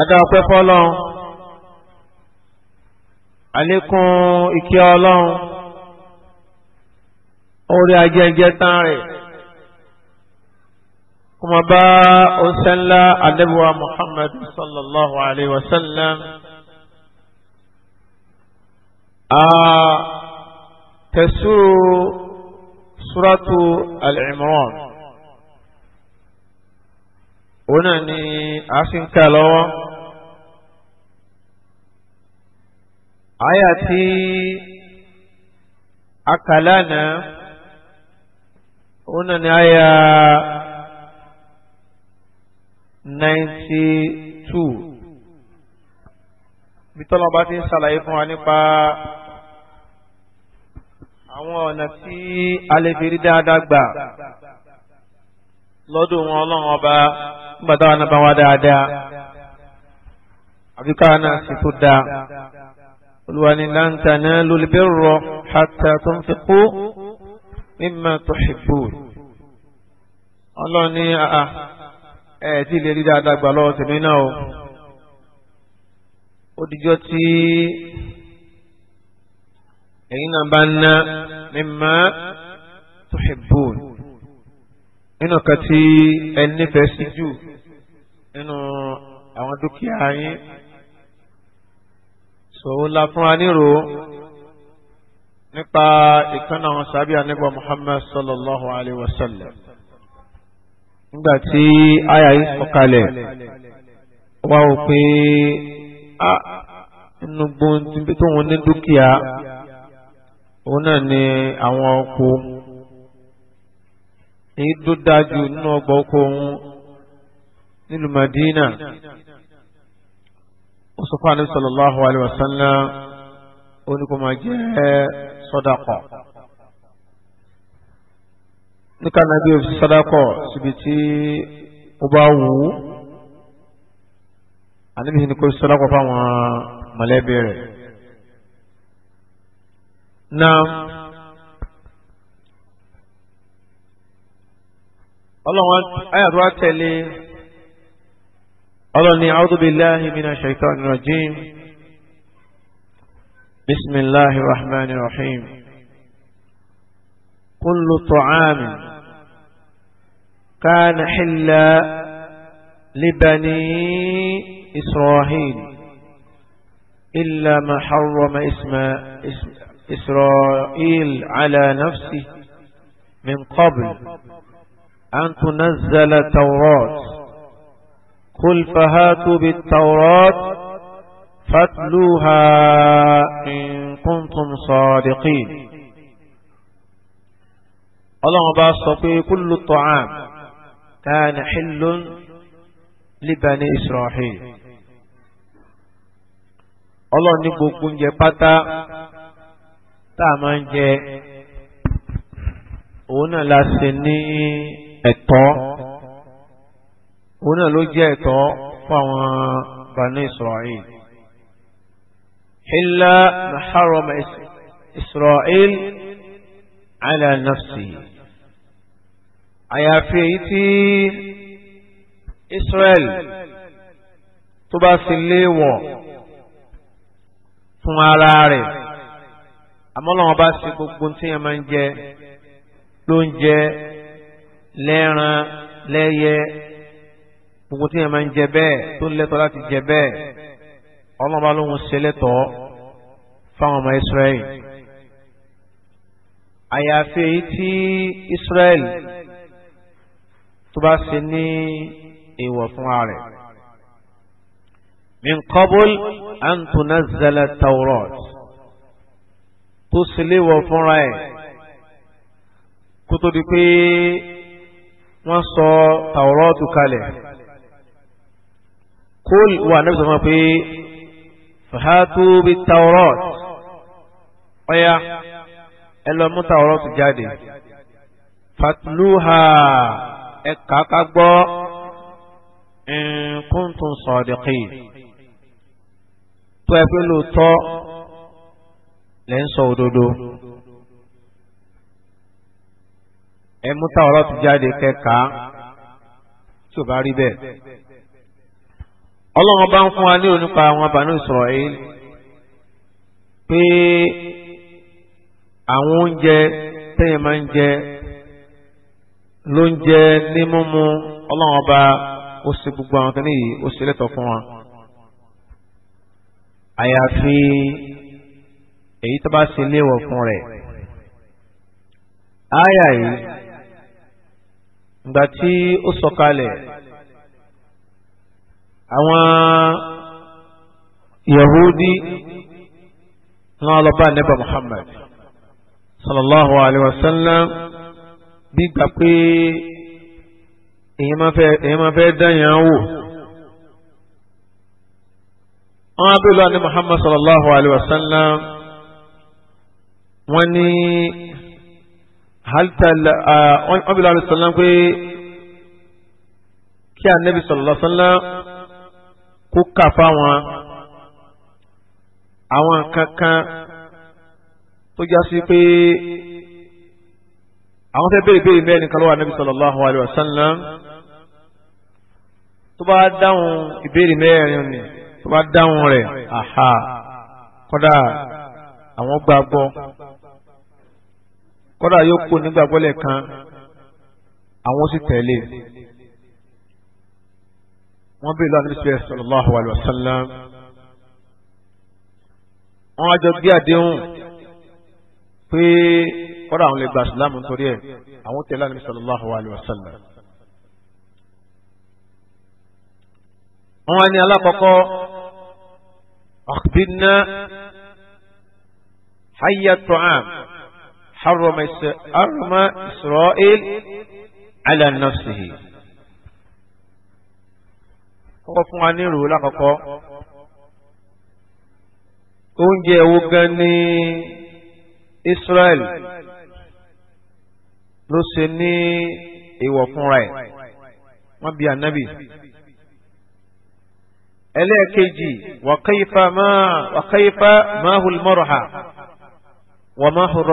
adáwọ̀pẹ́ fọ́lọ́n àlékún ìkẹ́ ọlọ́run orí ajẹ́jẹ́ tán rẹ̀ kuma bá ọ̀sẹ́nlá adébúwa muhammad sallallahu alayhi wa sallam tẹ̀sùrù suratu al-imran òun ni Asin fi ń kà lọ́wọ́. àyà tí ni àyà ninety two bitọ́lọ́ bá ti ń ṣàlàyé fún wa nípa àwọn ọ̀nà tí a lè fi rí dáadáa gbà lọ́dọ̀ wọn ọlọ́run ọba nígbà táwa náà bá wá dáadáa àbí káwa náà sì tó dáa olúwa ni lan tanalul birra hatta tunfiqu mimma tuhibbun ọlọ́ọ̀ni àà ẹ̀ tí lè rí dáadáa gbà lọ́wọ́ tèmi náà o ó dijọ́ tí ẹ̀yin náà bá ń ná mimma tuhibbun nínú kan tí ẹ nífẹ̀ẹ́ sí jù nínú àwọn dúkìá yín sòwò la fún aníro nírò nípa ìkànnà àwọn sábíà nípa Muhammad sallallahu alayhi wa sallam nígbà tí àyà yìí sọ̀kalẹ̀ wá wò pé a inú gbóhùn tó wọn ní dúkìá òun náà ni àwọn oko èyí tó dájú nínú ọgbà oko òun nílùú Madina ó sọ fún Ànábì sallallahu alaihi wasallam ó ní kó máa jẹ́ sọ́dàkọ̀ níka nàbí òfin sọ́dàkọ̀ síbi tí ó bá wù ú Ànábì ní kó sọ́dàkọ̀ fáwọn mọ̀lẹ́bí rẹ̀ náà. ọlọ́run ayàtọ̀ wa قال اني اعوذ بالله من الشيطان الرجيم بسم الله الرحمن الرحيم كل طعام كان حلا لبني اسرائيل الا ما حرم اسم اسرائيل على نفسه من قبل ان تنزل التوراه قل فهاتوا بالتوراة فاتلوها إن كنتم صادقين الله باصفي كل الطعام كان حل لبني إسرائيل الله نبوك جبتا تامان جي òun náà la ṣe òun náà ló jẹ́ ẹ̀tọ́ fún àwọn bani israel illa maharam israel ala nafsi àyàfi èyí tí israel tó bá fi léèwọ̀ fún ara rẹ̀ àmọ́ bá ṣe gbogbo tí yẹn máa ń jẹ ló ń jẹ lẹ́ran lẹ́yẹ gbogbo tí yẹn máa ń jẹ bẹ́ẹ̀ tó ń lẹ́tọ̀ọ́ láti jẹ bẹ́ẹ̀ ọlọ́ba lóhun ṣe lẹ́tọ̀ọ́ fáwọn ọmọ Israẹli àyàfi èyí tí Israẹli tó bá ṣe ní èèwọ̀ fún ààrẹ min qabul an tunazzala tawrat tó ṣe léwọ̀ fúnra ẹ̀ kó tó di pé wọ́n sọ tawrat kalẹ̀ kóòlù wà náà sọ fún wa pé fàhátù bíi taurat ọ̀yà ẹ lọ mú taurat jáde fatluha ẹ kàkà gbọ́ in kuntum sadiqin tó ẹ pé lóòótọ́ lẹ́ ń sọ òdodo. ẹ mú taurat jáde kẹ́ka tí bá rí bẹ́ẹ̀ ọlọ́run bá ń fún wa ní onípa àwọn Banu Israel pé àwọn oúnjẹ tẹ́yìn máa ń jẹ ló ń jẹ ní mímú ọlọ́run ọba ó ṣe gbogbo àwọn kan níyì ó ṣe lẹ́tọ̀ọ́ fún wa. àyàfi èyí tó bá ṣe léèwọ̀ fún rẹ̀ ááyà yìí ìgbà ó sọ̀kalẹ̀ àwọn yahudi náà lọ bá nẹ́bà muhammad sallallahu alayhi wa sallam bí gbà pé èyí máa fẹ́ dáyàn wò wọ́n á bèèrè lọ́wọ́ ní muhammad sallallahu alayhi wa sallam wọ́n ní halitala wọ́n bèèrè lọ́wọ́ sallam pé kí anabi sallallahu alayhi wa sallam kó kà fáwọn àwọn nǹkan kan tó já sí pé àwọn fẹ́ béèrè béèrè mẹ́rin kan lọ́wọ́ anábì sallallahu alayhi wa sallam tó bá dáhùn ìbéèrè mẹ́rin ni tó bá dáhùn rẹ̀ àhà kọ́dà àwọn gbàgbọ́ kọ́dà yóò kó nígbàgbọ́ lẹ́ẹ̀kan àwọn sì tẹ̀lé wọ́n bèèrè lọ́wọ́ nípa sallallahu alayhi wa sallam wọ́n á jọ gbé àdéhùn pé kọ́dà àwọn lè gba ìsìlámù nítorí ẹ̀ àwọn tẹ̀lé nípa sallallahu alayhi wa sallam. wọ́n á ní alákọ̀ọ́kọ́ akhbirna hayya ta'am harrama Isra'il ala nafsihi kọ́kọ́ fún wa ní ìrò lákọ̀ọ́kọ́ oúnjẹ wo gan ni Israel ló ṣe ní ìwọ̀ fúnra ẹ̀ wọ́n bí ànábì ẹlẹ́ẹ̀kejì wa kayfa ma wa kayfa mahul marha wa mahul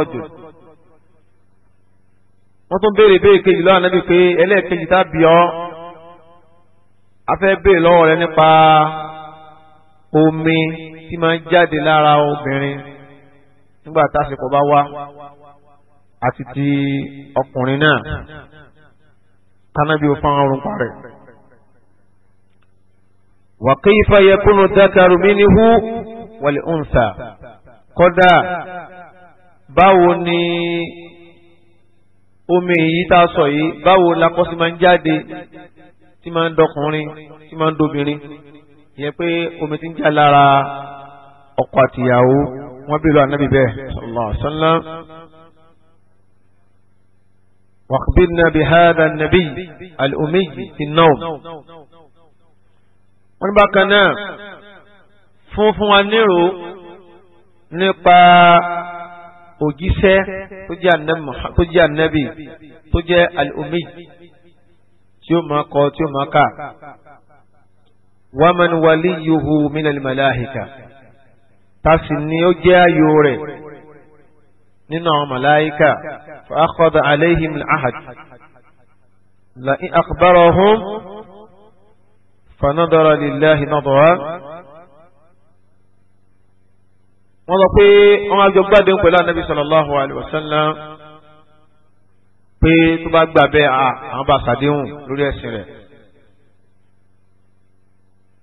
wọ́n tún béèrè béèrè kejì lọ́wọ́ ànábì pé ẹlẹ́ẹ̀kejì tá a bí ọ́ a fẹ́ béèrè lọ́wọ́ rẹ nípa omi tí máa ń jáde lára obìnrin nígbà tásìkò bá wá àti ti ọkùnrin náà kánábí ó fáwọn ọrùn parẹ́. wa kayfa yakunu dhakaru minhu wal unsa kódà báwo ni omi èyí tá a sọ yìí báwo lakọ́sí máa ń jáde tí máa ń dọkùnrin tí máa ń dobìnrin ìyẹn pé omi ti ń jà lára ọkọ àtìyàwó wọn bí lọ ànábì bẹ́ẹ̀ sallallahu alaihi wasallam wàkùbínà bí hàdà nàbí alùmí ìnáwó wọn ní bákan náà fún fún wa nírò nípa òjíṣẹ́ tó jẹ́ ànábì tó jẹ́ alùmí tí ó máa kọ tí ó máa kà waman waliyuhu minal malaika tasi ni ó jẹ́ ayò rẹ̀ nínú àwọn malaika fa akhadha alayhim al-ahad la in akhbarahum wọ́n sọ pé wọ́n á jọ gbádùn pẹ̀lú anabi sallallahu alayhi wa pé tó bá gbà bẹ́ẹ̀ à àwọn bá ṣàdéhùn lórí ẹ̀sìn rẹ̀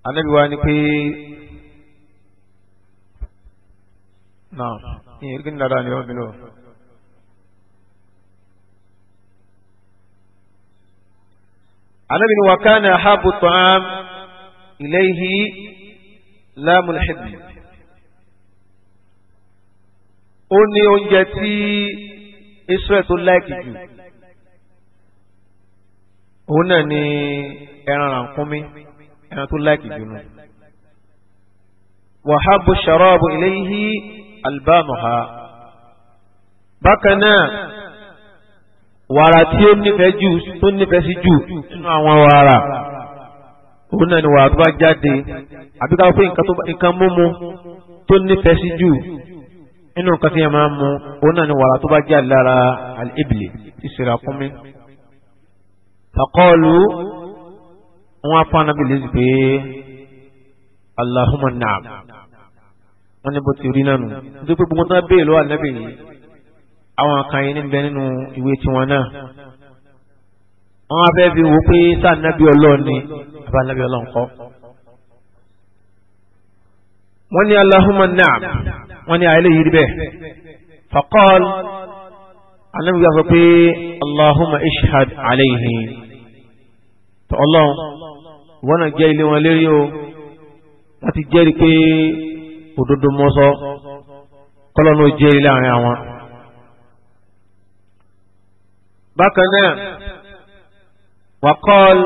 anabi wa ni pé náà ìyẹn kí ni dáadáa ni wọ́n bí lọ. anabi ni wa kana ahabu ó ní oúnjẹ tí israel tó láìkì jù òun náà ni ẹran rànkúnmí ẹran tó láìkì jùlọ wàhábù ṣàrọ́ọ̀bù iléyìí albámuha bákan náà wàrà tí ó nífẹ̀ẹ́ jù tó nífẹ̀ẹ́ sí jù nínú àwọn wàrà òun náà ni wàrà tó bá jáde àbí káwọn pé nǹkan múmu tó nífẹ̀ẹ́ sí jù nínú nǹkan tí yẹn máa ń òun náà ni wàrà tó bá jáde lára al-ibli ìṣèrà kúnmí fàkọ́ọ̀lù wọn fún anabi lẹ́sìn pé Allahumma naam wọn ní bó ti rí nánu nítorí pé gbogbo náà béèrè lọ́wọ́ anabi yìí àwọn kan yìí níbẹ̀ nínú ìwé tiwọn náà wọn á fẹ́ fi wò pé sáà nàbí ọlọ́ọ̀ ni àbá nàbí ọlọ́ọ̀ kọ́ naam wọ́n ní àìlè yìí bẹ́ẹ̀ faqal anabi gbà sọ pé Allahumma ishhad alayhi tọ́ ọlọ́run wọ́n náà jẹ́ ilé wọn lérí o láti jẹ́rìí pé òdodo mọ́sọ́ kọ́lọ́nù jẹ́rìí láàrin àwọn. bákan náà wàkọ́ọ̀lù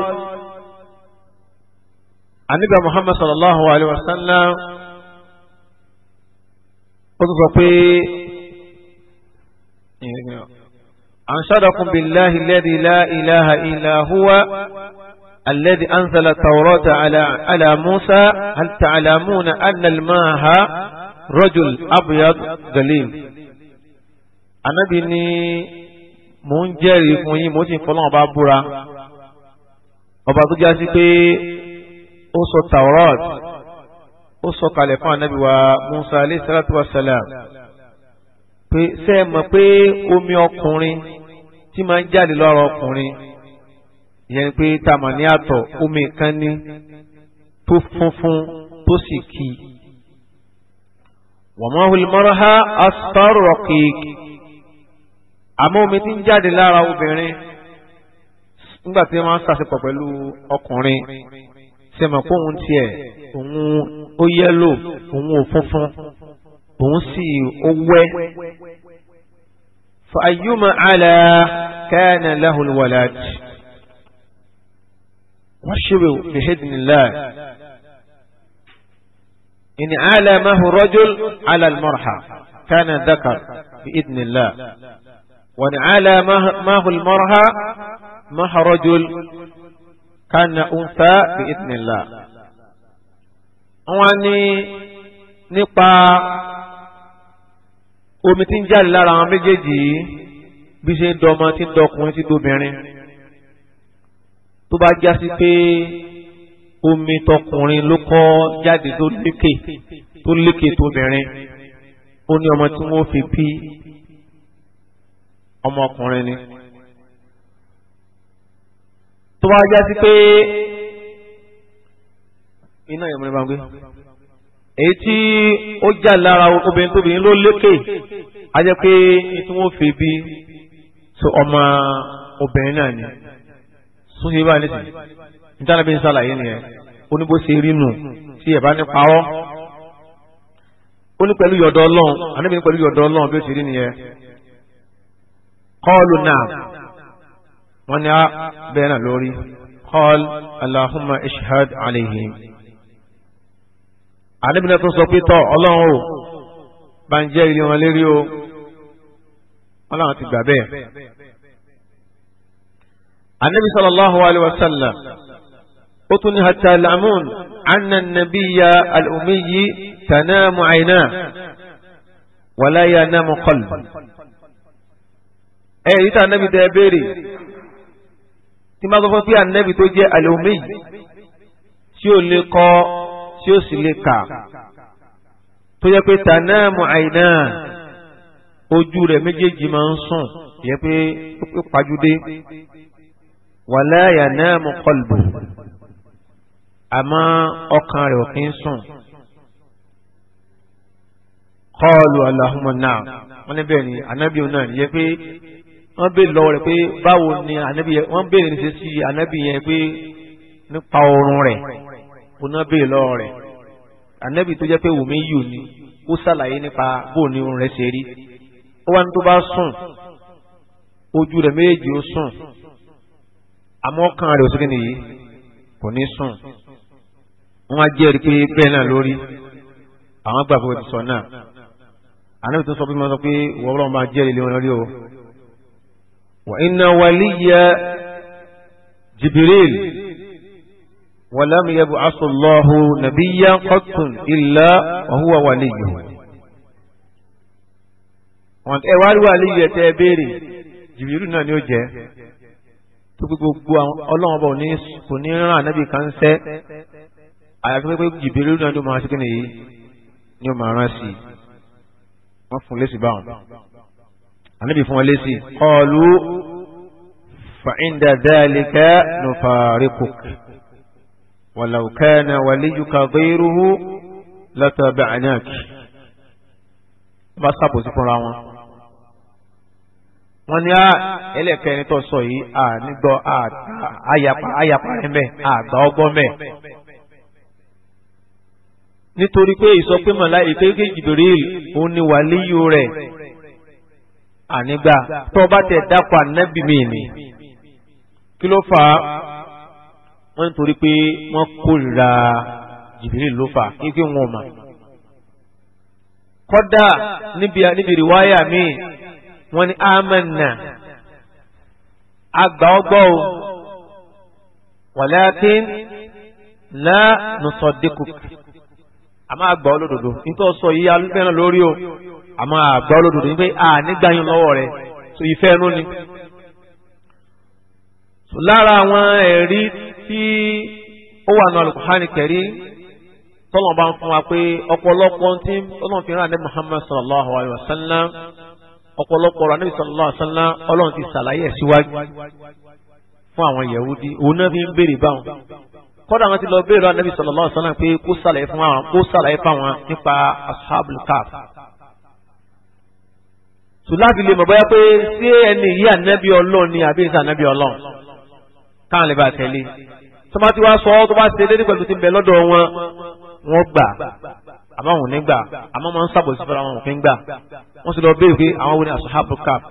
àníbà Muhammad sallallahu alayhi wa sallam ó tún sọ pé anṣadakum billahi alladhi la ilaha illa الذي أنزل التوراة على على موسى هل تعلمون أن الماء رجل أبيض غليل Ànábì ní mò ń jẹ́rìí fún yín mo sì ń fọlọ́n ọba búra ọba tó jásí pé ó sọ Taurat ó sọ kalẹ̀ fún Ànábì wa Musa alayhi salatu wa salam pé ṣe é mọ̀ pé omi ọkùnrin tí máa ń jáde lọ́rọ̀ ọkùnrin ìyẹn ni pé tàmà ní àtọ̀ omi kan ní tó funfun tó sì kì í. wàmọ́ hulimọ́rọ́ ha asọ́rọ̀ kéèkì àmọ́ omi tí ń jáde lára obìnrin nígbà tí wọ́n ṣàṣepọ̀ pẹ̀lú ọkùnrin ṣe mọ̀ pé òun tiẹ̀ òun ó yẹ́lò òun ò funfun òun sì ó wẹ́. fa ayyuma ala kana lahu واشروا بحزن الله إن عالمه رجل على المرحى كان ذكر بإذن الله وإن عالمه المرحى مه رجل كان أنثى بإذن الله وأني نقا omi tí ń jáde lára àwọn méjèèjì tó bá já sí pé omi tọkùnrin ló kọ́ jáde tó lékè tó lékè tó bẹ̀rin ó ní ọmọ tí wọ́n fi bí ọmọkùnrin ni tó bá já sí pé iná ìmúlẹ̀ bá ń gbé èyí tí ó jà lára obìnrin tóbìnrin ló lékè a jẹ́ pé tí wọ́n fi bí ọmọ obìnrin náà ni sún yìí báyìí nísìnyí nítorí bí n ṣàlàyé nìyẹn ó ní bó ṣe rí nù tí ẹ̀ bá ní pa ọ́ ó ní pẹ̀lú yọ̀dọ̀ ọlọ́run àníbi ní pẹ̀lú yọ̀dọ̀ ọlọ́run bí ó ṣe rí nìyẹn e. kọ́ọ̀lù náà wọ́n ní á bẹ́ẹ̀ náà lórí kọ́ọ̀lù aláhùnmá ishad alayhim àníbi náà tó sọ pé tọ́ ọlọ́run ò bá ń jẹ́ ilé wọn lérí o ọlọ́run ti gbà bẹ́ẹ̀ anabi sallallahu alayhi wa sallam ó tún ní hatta lamun anna nabiya al-umiyi tanamu ayna wala yanamu qalb ẹ yìí tá anabi tẹ béèrè tí máa sọ fún pé anabi tó jẹ al-umiyi tí ó lè kọ tí ó sì lè kà tó yẹ pé tanamu ayna ojú rẹ̀ méjèèjì máa ń sùn yẹ pé ó pàjùdé wàlá yanamu qalbu àmọ́ ọkàn rẹ̀ ò kí ń sùn qalu Allahumma náà wọ́n ní bẹ́ẹ̀ ni ànábì náà yẹ pé wọ́n béèrè lọ́wọ́ rẹ̀ pé báwo ni ànábì yẹn wọ́n béèrè ní sẹ́sì ànábì yẹn pé nípa oorun rẹ̀ kò béèrè lọ́wọ́ rẹ̀ ànábì tó jẹ́ pé wùmí yù ni ó ṣàlàyé nípa bó ni oorun rẹ̀ ṣe rí ó wá ní tó bá sùn ojú rẹ̀ méjèèjì ó sùn àmọ́ ọkàn rẹ̀ òsèké nìyí kò ní sùn wọ́n á jẹ́rìí pé bẹ́ẹ̀ náà lórí àwọn gbà fún ìsọ náà ànábì tó sọ pé wọ́n sọ pé wọ́n lọ́wọ́ máa jẹ́rìí lé wọn lórí o. wa inna waliya jibril wa lam yab'ath Allahu nabiyyan qattun illa wa huwa waliyuhu. wọ́n ẹ wá rí wàlíyẹ tẹ́ béèrè jibril náà ni ó jẹ́ tó pé gbogbo ọlọ́run ọba kò ní rán ànábì kan sẹ́ àyàfi pé jìbìrì náà ló máa ṣe kíni yìí ni ó máa rán sí i wọ́n fún lẹ́sì báwọn ànábì fún wọn lẹ́sì kọlu fa'inda dhalika nufarikuk walau kana waliyuka ghayruhu lataba'nak bá sàbòsí fúnra wọn wọ́n ní ah, ẹlẹ́kẹ̀rin tó sọ yìí nígbọ́ àyàpá rẹ̀ mẹ́ àgbà ọgbọ́n mẹ́. nítorí pé ìsọpémọ̀ láì pé Jibril òun ni wàlíyù rẹ̀ ànígbà tó bá tẹ̀ dápọ̀ ànábì mi ni. kí ló fà á wọ́n nítorí pé wọ́n kórìíra Jibril ló fà kíkí wọn mà. kọ́dà níbi níbi rìwáyà míì. wọ́n ní amanna àgbà na o walakin la nusaddiquk àmọ́ àgbà olódodo nítorí sọ yìí lórí o àmọ́ àgbà olódodo ní pé a nígbàyàn lọ́wọ́ rẹ. so so lára àwọn ẹ̀rí tí ó wà ní Al-Qur'ani tọ́lọ̀ bá ń pé ọ̀pọ̀lọpọ̀ fi ní sallallahu alayhi wa ọ̀pọ̀lọpọ̀ ọ̀rọ̀ anábì sallallahu alaihi wasallam ọlọ́run ti ṣàlàyé ẹ̀ síwájú fún àwọn yẹ̀wúdí òun náà fi ń béèrè báwọn kọ́dà wọn ti lọ béèrè anábì sallallahu alaihi wasallam pé kó ṣàlàyé fún àwọn kó ṣàlàyé fáwọn nípa ashabul kaf tùláàbì lè mọ̀ bóyá pé sí ẹni yí ànábì ọlọ́run ni àbí ìsà ànábì ọlọ́run káwọn lè bá tẹ̀lé tó ti wá sọ tó bá ṣe déédéé àmọ́ wọn ò ní gbà àmọ́ wọn ń sàbòsí fúnra wọn ò fi ń gbà wọ́n sì lọ béèrè pé àwọn wo ni asahabu kaf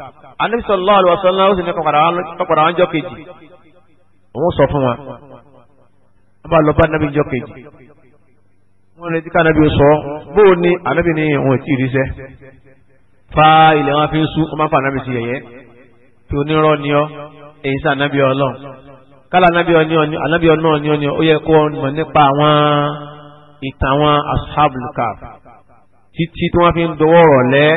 anabi sallallahu alaihi wasallam ó sì ní kọkàrà wọn jọ kejì òun sọ fún wa wọ́n bá lọ bá anabi jọ kejì wọ́n retí ká anabi sọ bóò ni anabi ni òun ti rí sẹ́ fa ilẹ̀ wọn fi ń sú wọ́n máa fa anabi sí yẹ̀yẹ́ tí onírọ́ ni ọ́ èyí sí anabi ọlọ́run kálá anabi ọ̀ni ọ̀ni anabi ọ̀nà ọ̀ni ọ̀ni ó yẹ kó ìtàn àwọn ashabul kaf títí tí wọ́n fi ń dọwọ́ rọ̀ lẹ́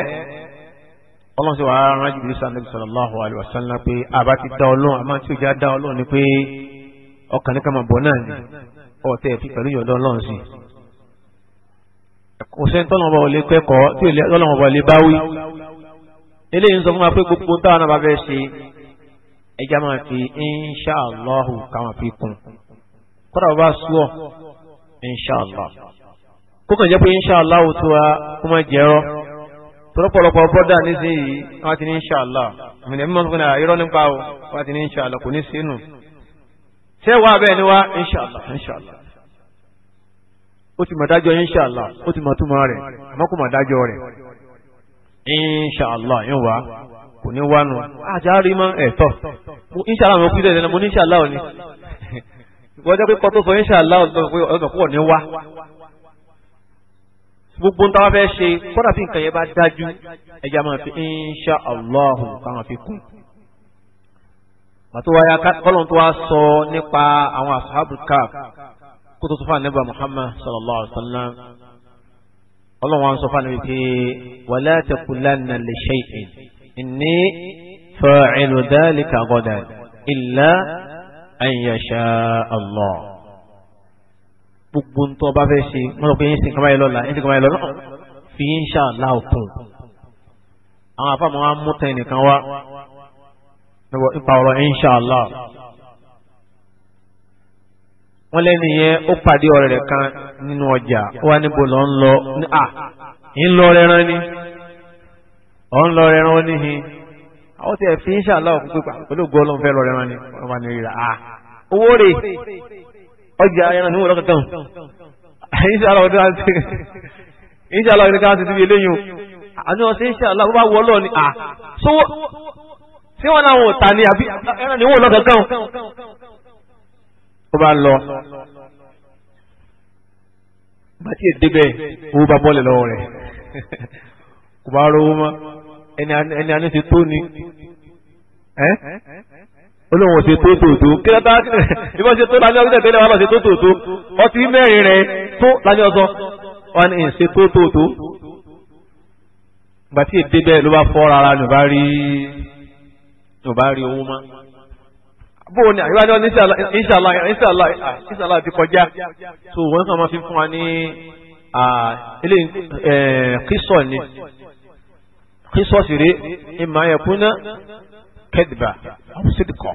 ọlọ́run sì wà á rán jùlọ sàn níbi sallallahu alaihi wasallam pé àbá ti dá ọlọ́run àmọ́ tí ó já dá ọlọ́run ni pé ọkàn ní ká bọ̀ náà ni ọ̀tẹ̀ ẹ̀fí pẹ̀lú ìyọ̀dọ̀ ọlọ́run sí. kò sẹ́ni tọ́lọ́run ọba olè kẹ́kọ̀ọ́ tí ọlọ́run ọba olè bá wí. eléyìí ń sọ fún wa pé gbogbo táwọn náà bá fẹ́ ṣe ẹja máa fi inṣàlọ́hù káwọn fi kún kódà bá sú inṣàlá kó kàn jẹ́ pé inṣàlá ò tó wa kó má jẹ́rọ́ tọ́lọ́pọ̀lọpọ̀ bọ́dà nísìnyí wọ́n ti ní inṣàlá ìmìnira mímọ́ fún náà irọ́ nípa o wọ́n ti ní inṣàlá kò ní sínú sẹ́wàá bẹ́ẹ̀ ni wá inṣàlá inṣàlá ó ti mọ̀ dájọ́ inṣàlá ó ti mọ̀ túmọ̀ rẹ̀ àmọ́ kò mọ̀ dájọ́ rẹ̀ inṣàlá yóò wá kò ní wánu àjárí mọ́ ẹ̀tọ́ inṣàlá mo kú wọ́n jẹ́ pé kọ́ tó sọ inṣàlá ọ̀dọ̀ púpọ̀ ní wá gbogbo táwa fẹ́ ṣe kọ́dà tí nǹkan yẹn bá dájú ẹja máa fi inṣàlá káwọn fi kún pàtó wáyà kọ́lọ́n tó wá sọ nípa àwọn ashabu kaf kó tó tó fà nígbà Muhammad sallallahu alaihi wa sallam ọlọ́run wa ń sọ fún mi pé wala taqulanna li shay'in inni fa'ilu dhalika ghadan illa àyìnyàṣà Allah gbogbo ń tọ́ bá fẹ́ ṣe wọ́n lọ pé yín sì kọ́ báyìí lọ́la yín sì kọ́ báyìí lọ́la fi yín ṣà láòkùn àwọn afáàmù wa mú tẹ̀ nìkan wá nípa ọ̀rọ̀ insha Allah wọ́n lẹ́nu yẹn ó pàdé ọ̀rẹ́ rẹ̀ kan nínú ọjà ó wá níbo lọ ń lọ ní à ń lọ rẹran ni ọ̀ ń lọ rẹran ó níhin Ọ si ẹ fi ń ṣàlọ́ òkú pípa pẹ̀lú fẹ́ lọ rẹ̀ wọ́n ní rírà á owó rè ọjà ẹran ìṣàlọ́ ọdún àti ìṣàlọ́ ọdún ti ti àti wọn ń ṣàlọ́ ọlọ́ọ̀ ni à sówó tí wọn náà wò ta ni àbí ẹran ẹni àná ti tó ni olóhùn ṣe tó tòótó kí ló bá bí wọ́n ṣe tó lájọ́ ọdún tẹ̀lé wọn bá ṣe tó tòótó ọtí mẹ́rin rẹ̀ tó lájọ́ sọ wọn ni ṣe tó tòótó ìgbà tí èdè bẹ́ẹ̀ ló bá fọ́ rárá ni ò bá rí ni ò bá rí owó mọ́. bó o ní àyíwá ni wọ́n ní inṣàlá inṣàlá inṣàlá ti kọjá tó wọ́n kàn máa fi fún wa ní kíṣọ̀ ni kisọsi re ima yakuna kẹdiba awo sidikọ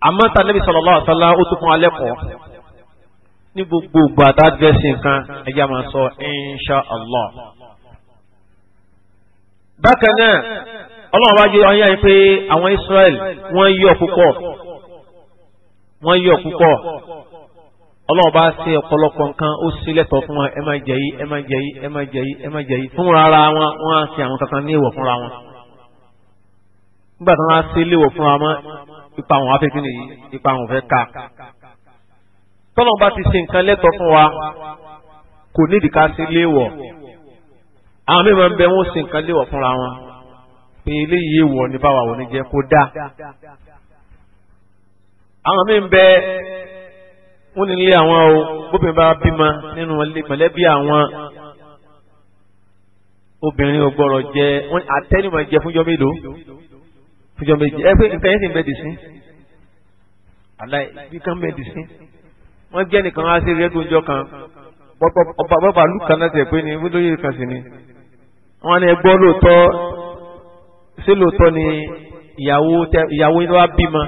amata nabi sallallahu alaihi wa sallam o tukun alẹ kọ ní gbogbo gbàtà dẹ́sí nǹkan ẹja máa sọ insha allah. bákan náà ọlọ́run wájú ọyá yìí pé àwọn israel wọ́n yọ̀ púpọ̀ wọ́n yọ̀ púpọ̀ ọlọ́run bá ṣe ọ̀pọ̀lọpọ̀ nǹkan ó sì lẹ́tọ̀ fún wọn ẹ má jẹ yìí ẹ má jẹ yìí ẹ má jẹ yìí ẹ má jẹ yìí fúnra ara wọn wọn á ṣe àwọn kankan ní èèwọ̀ fúnra wọn. nígbà tí wọn á ṣe léèwọ̀ fúnra wọn ipa àwọn afẹ́kí nìyí ipa àwọn fẹ́ ká. tọ́lọ́run bá ti ṣe nǹkan lẹ́tọ̀ fún wa kò nídìí ká ṣe léèwọ̀. àwọn mìíràn bẹ wọn ó ṣe nǹkan léèwọ̀ fúnra wọn pé eléyìí èèwọ̀ ni wọ́n ní ilé àwọn o bóbìnrin bá bímọ nínú mọ̀lẹ́bí àwọn obìnrin ò gbọ́rọ̀ jẹ àtẹnumọ̀ jẹ fúnjọ́ mélòó fúnjọ́ méjì ẹ pé nǹkan yẹn sì ń bẹ́ẹ̀ dì sí aláì bí kan bẹ́ẹ̀ dì sí wọ́n jẹ́ nìkan á sí rẹ́dùnjọ́ kan ọba bàbá lùkà náà tẹ̀ pé ní wíńdóyè kan sì ni wọ́n ní ẹgbọ́ lóòótọ́ sí lóòótọ́ ni ìyàwó inú wa bímọ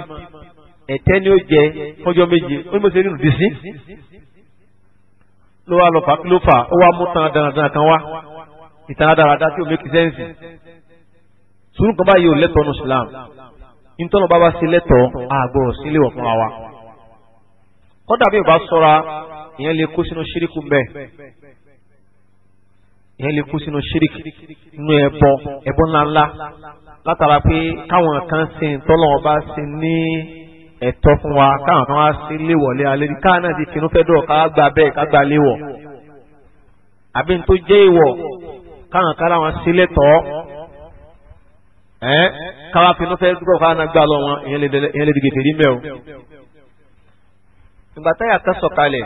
ẹ̀tẹ́ ni ó jẹ fọ́jọ́ méje ó ní mo ṣe rí nùdí sí ló wá lọ fà ló fà ó wá mú tan dandan kan wá ìtàn dáradá tí ò mẹ́kì sẹ́ǹsì sùúrù kan báyìí ò lẹ́tọ̀ọ́ nù Islam nítorí bàbá sí lẹ́tọ̀ọ́ àgbọ̀rọ̀ sílé wọ̀ fún wa kọ́dà bí ìbá sọ́ra ìyẹn lè kó sínú ṣíríkù mbẹ́ ìyẹn lè kó sínú ṣíríkù nínú ẹbọ ẹbọ ńláńlá látara pé káwọn kan sin tọ́lọ́wọ́n bá sin ní ẹ̀tọ́ fún wa káwọn kan wá sí léwọ̀lé alẹ́ ní káwọn náà ti finú fẹ́ dọ̀ ká gba bẹ́ẹ̀ ká gba léwọ̀ àbí ní tó jẹ́ ìwọ̀ káwọn kan láwọn sí lẹ́tọ̀ọ́ ẹ̀ káwọn finú fẹ́ dúró káwọn náà gbà lọ wọn ìyẹn lè dìgbè tèrí mẹ́ o. ìgbà táyà kan sọ̀kalẹ̀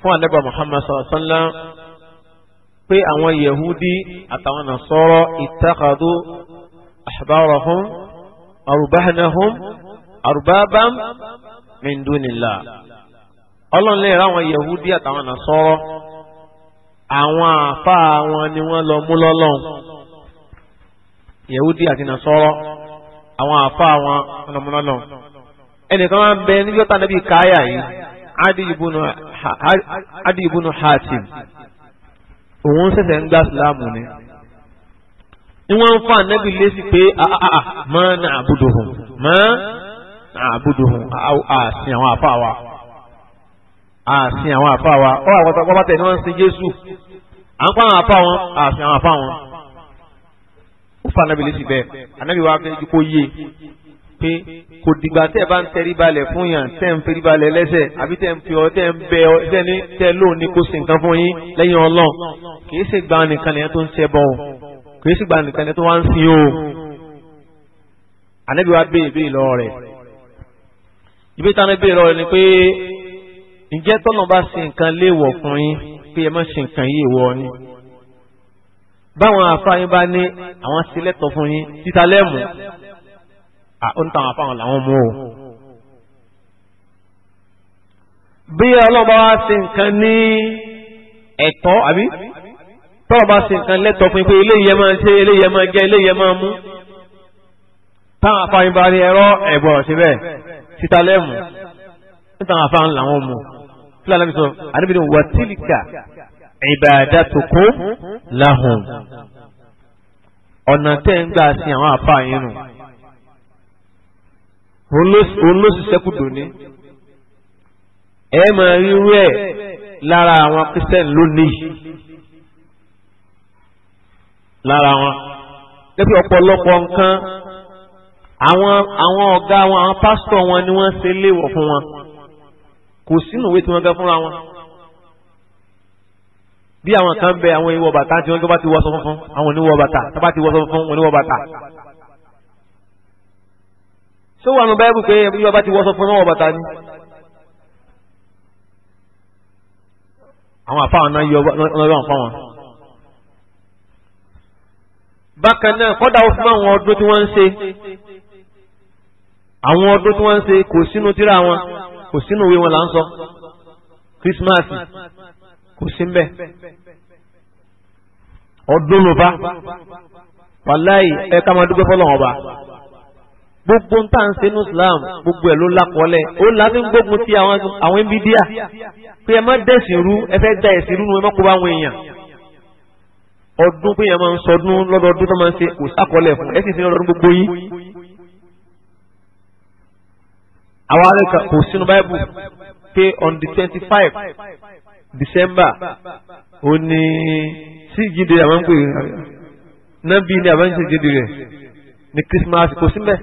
fún ànábì Muhammad sallallahu alaihi pé àwọn Yahudi àtàwọn Nasara ittakhadhu ahbarahum arbahanahum. arubabam min dunillah ọlọ́run lè ra àwọn yahudi àtàwọn nasọ́rọ́ àwọn àfa wọn ni wọ́n lọ mú lọ́lọ́run yahudi àti nasọ́rọ́ àwọn àfa wọn lọ mú lọ́lọ́run ẹnìkan máa ń bẹ níjọ́ tá níbi káyà yìí adi ibunu hatim òun ṣẹ̀ṣẹ̀ ń gbà sílámù ni ni wọ́n ń fa nẹ́bí lé sí a na abudu hàn máa. àbúdùhùn àsìn àwọn àfa wa àsìn àwọn àfa wa ọ àwọn àpapọ̀ bàtẹ̀ ni wọ́n ń sin Jésù à ń pa àwọn àfa wọn àsìn àwọn àfa wọn ó fa anabi létí bẹ́ẹ̀ anabi wa fẹ́ kó yé pé kò dìgbà tẹ́ ẹ bá ń tẹrí balẹ̀ fún yàn tẹ́ ń fẹ́rí balẹ̀ lẹ́sẹ̀ àbí tẹ́ ń fi ọ tẹ́ ń bẹ ọ tẹ́ ní tẹ́ lóun ní kó sin nǹkan fún yín lẹ́yìn Ọlọ́run kì í sì gba nìkan nìyẹn tó ń ṣẹ bọ́ ọ kì í sì gba nìkan nìyẹn tó wá ń sin o anabi wa béèrè béèrè lọ́wọ́ rẹ̀ ibi táwọn ẹbí rọ ni pé ǹjẹ́ tọ́nà bá ṣe nǹkan léèwọ̀ fún yín pé ẹ má ṣe nǹkan yìí wọ ni báwọn àfáàyín bá ní àwọn sílẹ̀tọ̀ fún yín títa lẹ́mù àwọn táwọn àfáàwọn làwọn mú o. bí ọlọ́run bá wá ṣe nǹkan ní ẹ̀tọ́ àbí tọ́lọ́ bá ṣe nǹkan lẹ́tọ̀ fún yín pé eléyìí ẹ máa ṣe eléyìí ẹ máa jẹ eléyìí ẹ máa mú táwọn àfáàyín bá ní ẹ̀rọ ẹ̀gbọ́n ṣe bẹ́ẹ̀ sitalẹ́mù nítorí àwọn afáàn làwọn mú fúlàní sọ àdébìnrin wà tílíkà ìbàdà tó kó láhùn ọ̀nà tẹ́ ń gbà sí àwọn afáàn yẹn nù òun ló sì sẹ́kù dòní ẹ máa rírú ẹ̀ lára àwọn kristian lónìí lára wọn lẹ́pẹ́ ọ̀pọ̀lọpọ̀ nǹkan àwọn àwọn ọ̀gá wọn àwọn pásítọ̀ wọn ni wọ́n ṣe léèwọ̀ fún wọn kò sínú ìwé tí wọ́n gẹ́ fúnra wọn bí àwọn kan bẹ àwọn ìwọ bàtà tí wọ́n gbọ́ bá ti wọṣọ funfun àwọn oníwọ bàtà tó bá ti wọṣọ funfun oníwọ bàtà tó wà nù báyìí pé ìwọ bá ti wọṣọ funfun oníwọ bàtà ni àwọn àfáwọn náà yọ ọlọ́run fún wọn bákan náà kọ́dà ó fún àwọn ọdún tí wọ́n ń ṣe àwọn ọdún tí wọ́n ń ṣe kò sínú tíra wọn kò sínú ìwé wọn là ń sọ Christmas kò sí mbẹ ọdún ló bá wàláì ẹ ká máa dúpẹ́ fọlọ́wọ́n ọba gbogbo ń tà ń ṣe ní Islam gbogbo ẹ̀ ló lákọọ́lẹ̀ ó láti ń gbógun ti àwọn nbídíà pé ẹ má dẹ̀sìn rú ẹ fẹ́ da ẹ̀sìn rú nu ẹ má kó bá àwọn èèyàn ọdún pé yẹn máa ń sọdún lọ́dọọdún tó máa ń ṣe kò sákọọ́lẹ̀ fún ẹ sì fi ọdún gbogbo yín àwọn arẹ́kà kò sínú báìbù pé on the twenty five december ó ní síjíde àwọn ń pè nábì ní àwọn ń ṣèjìde rẹ̀ ní christmas kò sí mbẹ̀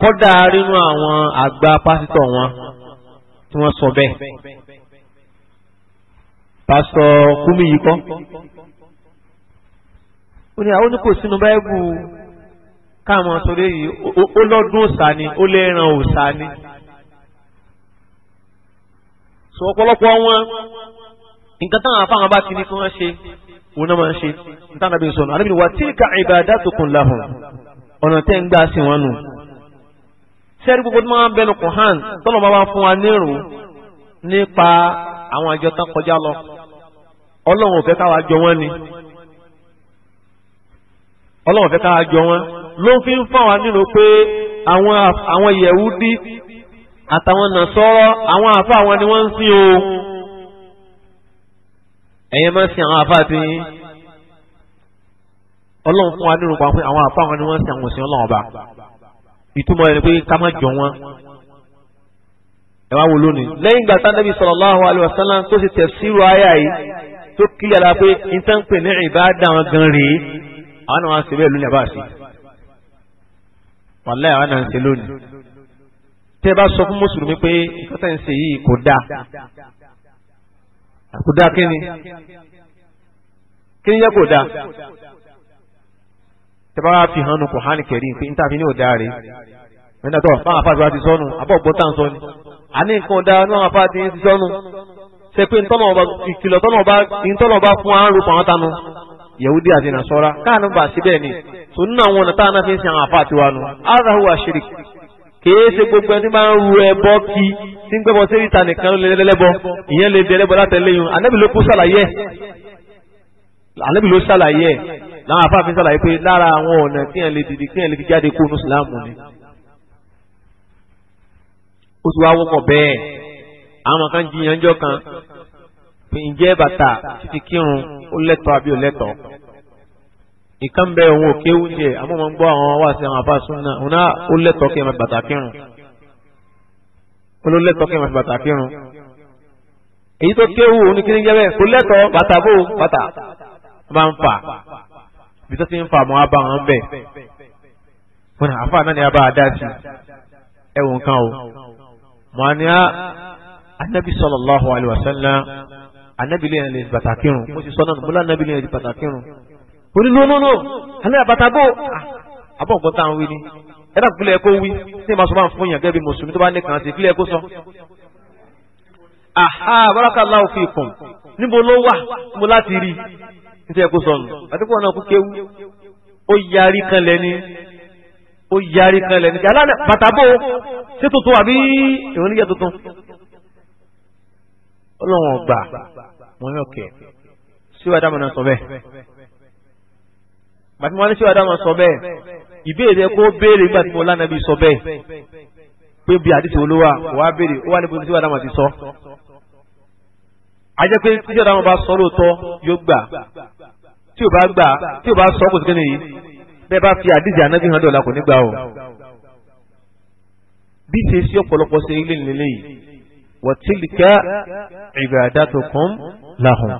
kọ́dà rínú àwọn àgbà pásítọ̀ wọn tí wọ́n sọ bẹ́ẹ̀ pásítọ̀ kúmi yìí kọ́ ó ní àwọn oníkòsínú báìbù káàmọ́ torí yìí ó lọ́dún òsà ni ó lẹ́ran òsà ni sọ ọ̀pọ̀lọpọ̀ wọn nǹkan táwọn afáwọn bá ti ní kí wọ́n ṣe wọn náà máa ń ṣe níta nàbí sọnù àdébìnrin wa tilka ibadatukum lahum ọ̀nà tẹ́ ń gbà sí wọn nù sẹ́rí gbogbo tó máa ń bẹnu kò hàn tọ́lọ̀ máa ń fún wa nírò nípa àwọn àjọ tán kọjá lọ ọlọ́run ò fẹ́ káwa jọ wọ́n ni ọlọ́run ò fẹ́ káwa jọ wọ́n ló fi ń fọwọ́ nínú pé àwọn yẹ̀wúdí àtàwọn nàṣọ́rọ́ àwọn àfa àwọn ni wọ́n ń sìn o ẹ̀yẹ máa ń sin àwọn àfa àti ọlọ́run fún wa nínú pa pé àwọn àfa àwọn ni wọ́n ń sin àwọn òsìn ọlọ́run ọba ìtumọ̀ ẹni pé ká má jọ wọn ẹ wo lónìí lẹ́yìn ìgbà tán Nabi sallallahu alaihi wasallam tó ti tafsiru àyà yìí tó kílẹ̀ la pé nítorí pé ní ìbá dáhùn gan rèé àwọn náà wá bẹ́ẹ̀ lónìí àbá wàlẹ́ àwọn náà ń ṣe lónìí tí ẹ bá sọ fún mùsùlùmí pé nǹkan tẹ̀ ń ṣe yìí kò dáa kò dáa kí ni kí ni yẹ kò dáa tí ẹ bá wá fi hàn nù Kùránì Kẹ́rímù pé níta fi ní òdá rè mẹ́ta tó fáwọn afáàtì wa ti sọnù àbọ̀ gbọ́ ń sọ àní nǹkan dáa ní àwọn afáàtì yẹn ti sọnù ṣe pé ìkìlọ̀ tọ́nà ọba fún àárò pàwọn tánu yahudi àti nasọ́ra káàánú bá síbẹ̀ ni tó nínú àwọn ọ̀nà táwọn fi ń sin àwọn àfa àti wanu azahu ashirik kèé ṣe gbogbo ẹni máa ń ru ẹbọ kí tí ń gbẹbọ sí ìta nìkan ló lè lẹlẹbọ ìyẹn lè di ẹlẹbọ látẹlẹyìn anabi ló kú sàlàyé anabi ló sàlàyé làwọn àfa fi sàlàyé pé lára àwọn ọ̀nà kíyàn lè dìdì kíyàn lè fi jáde kó nùsùlámù ni ó ti wá wọ́pọ̀ bẹ́ẹ̀ àwọn kan jiyànjọ́ kan pé ǹjẹ́ bàtà fífi kírun ó lẹ́tọ̀ọ́ àbí ò lẹ́tọ̀ọ́ ìkan bẹ òun ò kéwú jẹ àmọ́ mo ń gbọ́ àwọn wá sí àwọn àbá súnà òun náà ó lẹ́tọ̀ọ́ kí ẹ máa bàtà kírun ó ló lẹ́tọ̀ọ́ kí ẹ máa bàtà kírun èyí tó kéwú òun ní kí ní jẹ́ bẹ́ẹ̀ kó lẹ́tọ̀ọ́ bàtà bò bàtà máa ń fà bí tó ti ń fà mọ́ abá wọn bẹ̀ wọn ni àfa náà ni abá adá sí ẹ̀wọ̀n kan o mọ̀ ní anabi ah, sallallahu alaihi wasallam anábìlẹ̀ yẹn lè di bàtà kírun mo ti sọ náà mo lọ anábìlẹ̀ yẹn di bàtà kírun ó ní lónúnú alẹ́ àbàtà bò ah, àbọ̀ nǹkan tá à ń wí ni ẹ dàbí kílẹ̀ kó wí tí màá sọ bá ń fún yàn gẹ́gẹ́ bí mùsùlùmí tó bá ní kàn sí kílẹ̀ kó sọ. àhà barakallahu fikum níbo ló wà mo láti rí ní tẹ́ kó sọ nù àdúgbò náà kú kéwú ó yarí kan lẹ́ni ó yarí kan lẹ́ni kí aláàbàtà bò ṣé tuntun àbí ìròníyà ọlọ́run ọgbà mọ̀ ní ọ̀kẹ́ síwájú àdámọ̀ náà sọ bẹ́ẹ̀ gbàtí mo wá ní síwájú àdámọ̀ sọ bẹ́ẹ̀ ìbéèrè kó béèrè nígbà tí mo lánàbí sọ bẹ́ẹ̀ pé bí àdìsí olówà wàá béèrè ó wà níbo tí síwájú àdámọ̀ ti sọ a jẹ́ pé tí síwájú àdámọ̀ bá sọ lóòótọ́ yóò gbà tí ò bá gbà tí ò bá sọ kò sí kí nìyí bẹ́ẹ̀ bá fi àdìsí ànábì hàn dọ̀la kò ní gbà o bí ṣe sí ọ̀pọ̀lọpọ̀ ṣe ilé nílé yìí wọ̀tílìkà ìgbàdá tó kún láhùn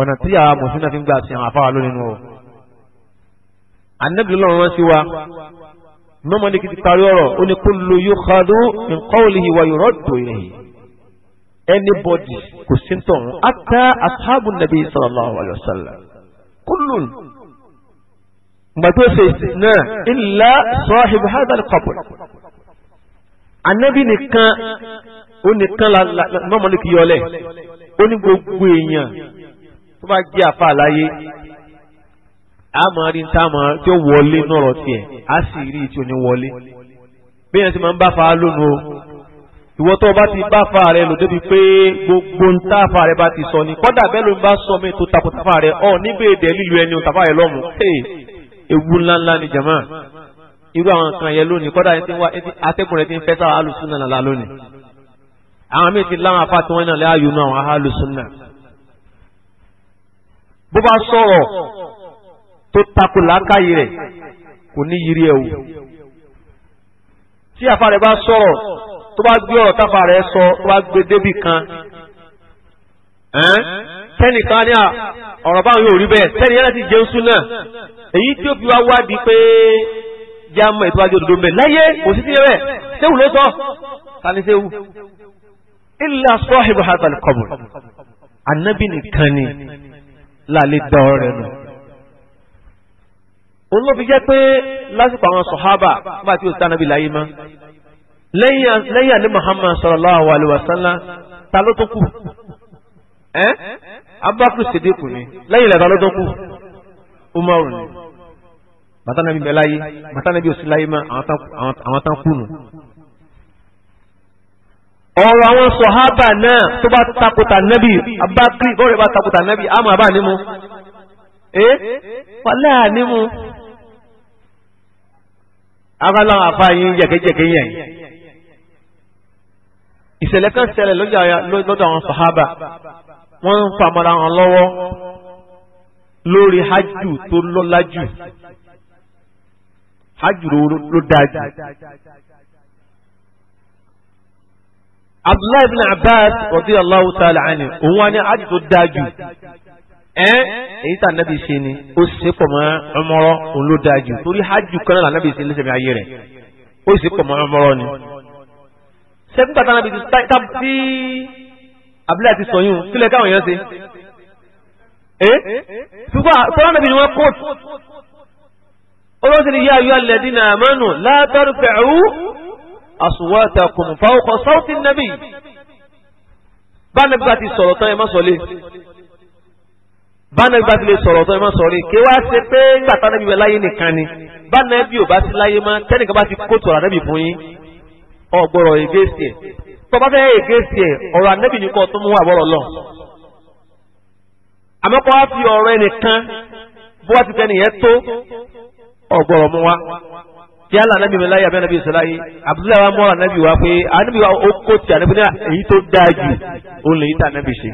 ọ̀nà tí àwọn mùsùlùmí náà fi ń gbà sí àwọn afáwà lónìí nù ọ́ annabi lọ́wọ́ wọn sí wa mọ́mọ́ ní ti parí ọ̀rọ̀ ó ní kullu yukhadu min qawlihi wa yuraddu ilayhi anybody kò sí ń tọ̀hún ata ashabu nabi sallallahu alayhi wa sallam kullun gbàgbé ṣe náà illa sahibu hadha al-qabr annabi nìkan ó nìkan la mọ́mọ́lì kì í yọlẹ̀ ó ní gbogbo èèyàn tó bá jẹ́ àfa àlàyé àmọ́ táwọn tí wọlé nọ̀rọ̀ tiẹ̀ á sì rí tí ò ní wọlé bí yẹn ti máa ń bá fa lónìí o ìwọ tó o bá ti bá fa rẹ lò débi pé gbogbo ń tá fa rẹ bá ti sọ ni kọ́dà bẹ́ẹ̀ ló ń bá sọ mí tó takò tá fa rẹ ọ níbẹ̀ èdè lílu ẹni ò tàfa rẹ lọ́mù ewu ńláńlá ni jama irú àwọn kan yẹn lónìí kọ́dà ẹni tí atẹ́kùn rẹ ti ń fẹ́ sára alùsùn náà lónìí àwọn míì ti láwọn afá tí wọ́n náà láàyò náà àwọn ahálù súnà bó bá sọ̀rọ̀ tó takò làákàyè rẹ̀ kò ní yiri ẹ̀ wò tí afá rẹ̀ bá sọ̀rọ̀ tó bá gbé ọ̀rọ̀ táfà rẹ̀ sọ tó bá gbé débì kan tẹ́nìkan ní ọ̀rọ̀ báwọn yóò rí bẹ́ẹ̀ tẹ́nì yẹn láti jẹun súnà èyí tí ó fi wá wádìí pé jámọ̀ ètò ajé òdodo mẹ́ láyé kò sí sí yẹn bẹ́ẹ̀ séwù ló sọ illa sahibu hadal qabr anabi nìkan ni lálẹ́ dá ọ̀rẹ́ nù. òun ló fi jẹ́ pé lásìkò àwọn sọ̀hábà nígbà tí òsítà nàbì láyé mọ́ lẹ́yìn àní muhammad sallallahu alayhi wa sallam ta ló tó kù ẹ́ abubakar sidiku ni lẹ́yìn lẹ́ta ló tó kù umaru ni bàtà nàbì bẹ́ láyé bàtà nàbì òsì láyé mọ́ àwọn tán kù nù ọ̀rọ̀ àwọn sọ̀hábà náà tó bá takùtà nẹ́bì abákí bọ́ọ̀rẹ̀ bá takùtà nẹ́bì àmọ́ àbá nímú eh wàlá nímú agbáláwọn àfa yín jẹ̀kẹ́jẹ̀kẹ́ yẹn ìṣẹ̀lẹ̀ kan ṣẹlẹ̀ lọ́dọ̀ àwọn sọ̀hábà wọ́n ń famara wọn lọ́wọ́ lórí hajj tó lọ́lá jù hajj ló dáa jù abdullahi ibn abbas radiyallahu ta'ala anhu òun wa ní àjò tó dáa jù ẹ èyí tá nàbì ṣe ni ó ṣe pọ̀ mọ́ ọmọrọ́ òun ló dáa jù torí hajj kan náà nàbì ṣe lẹ́sẹ̀mí ayé rẹ̀ ó ṣe pọ̀ mọ́ ọmọrọ́ ni. sẹ́kùn bàtà nàbì ti tábí abúlé àti sọ̀yún sílẹ̀ káwọn èèyàn ṣe. ẹ ṣùgbọ́n tọ́lá nàbì ni wọ́n kóòtù. olóṣèlú yá ayọ́ alẹ́ dínà àmọ́nù látọ́rù pẹ̀lú aswatakum fawqa sawti nabi bánàbí bá ti sọ̀rọ̀ tán ẹ má sọ lé bánàbí bá ti lè sọ̀rọ̀ tán ẹ má sọ lé kí wá ṣe pé nígbà tánàbí bẹ láyé nìkan ni bánàbí ò bá sí láyé mọ́ tẹ́nìkan bá ti kó tọ̀rọ̀ ànábì fún yín ọ̀gbọ̀rọ̀ ègéṣì ẹ̀ tọ́ba fẹ́ ègéṣì ẹ̀ ọ̀rọ̀ ànábì nìkan tó mú àbọ̀rọ̀ lọ. àmọ́ tí ala anabi mi láyé àbí anabi sọ láyé abdullahi wa mọ́ra anabi wa pé anabi wa ó kó ti anabi náà èyí tó dáa jù ó lè yí tá anabi ṣe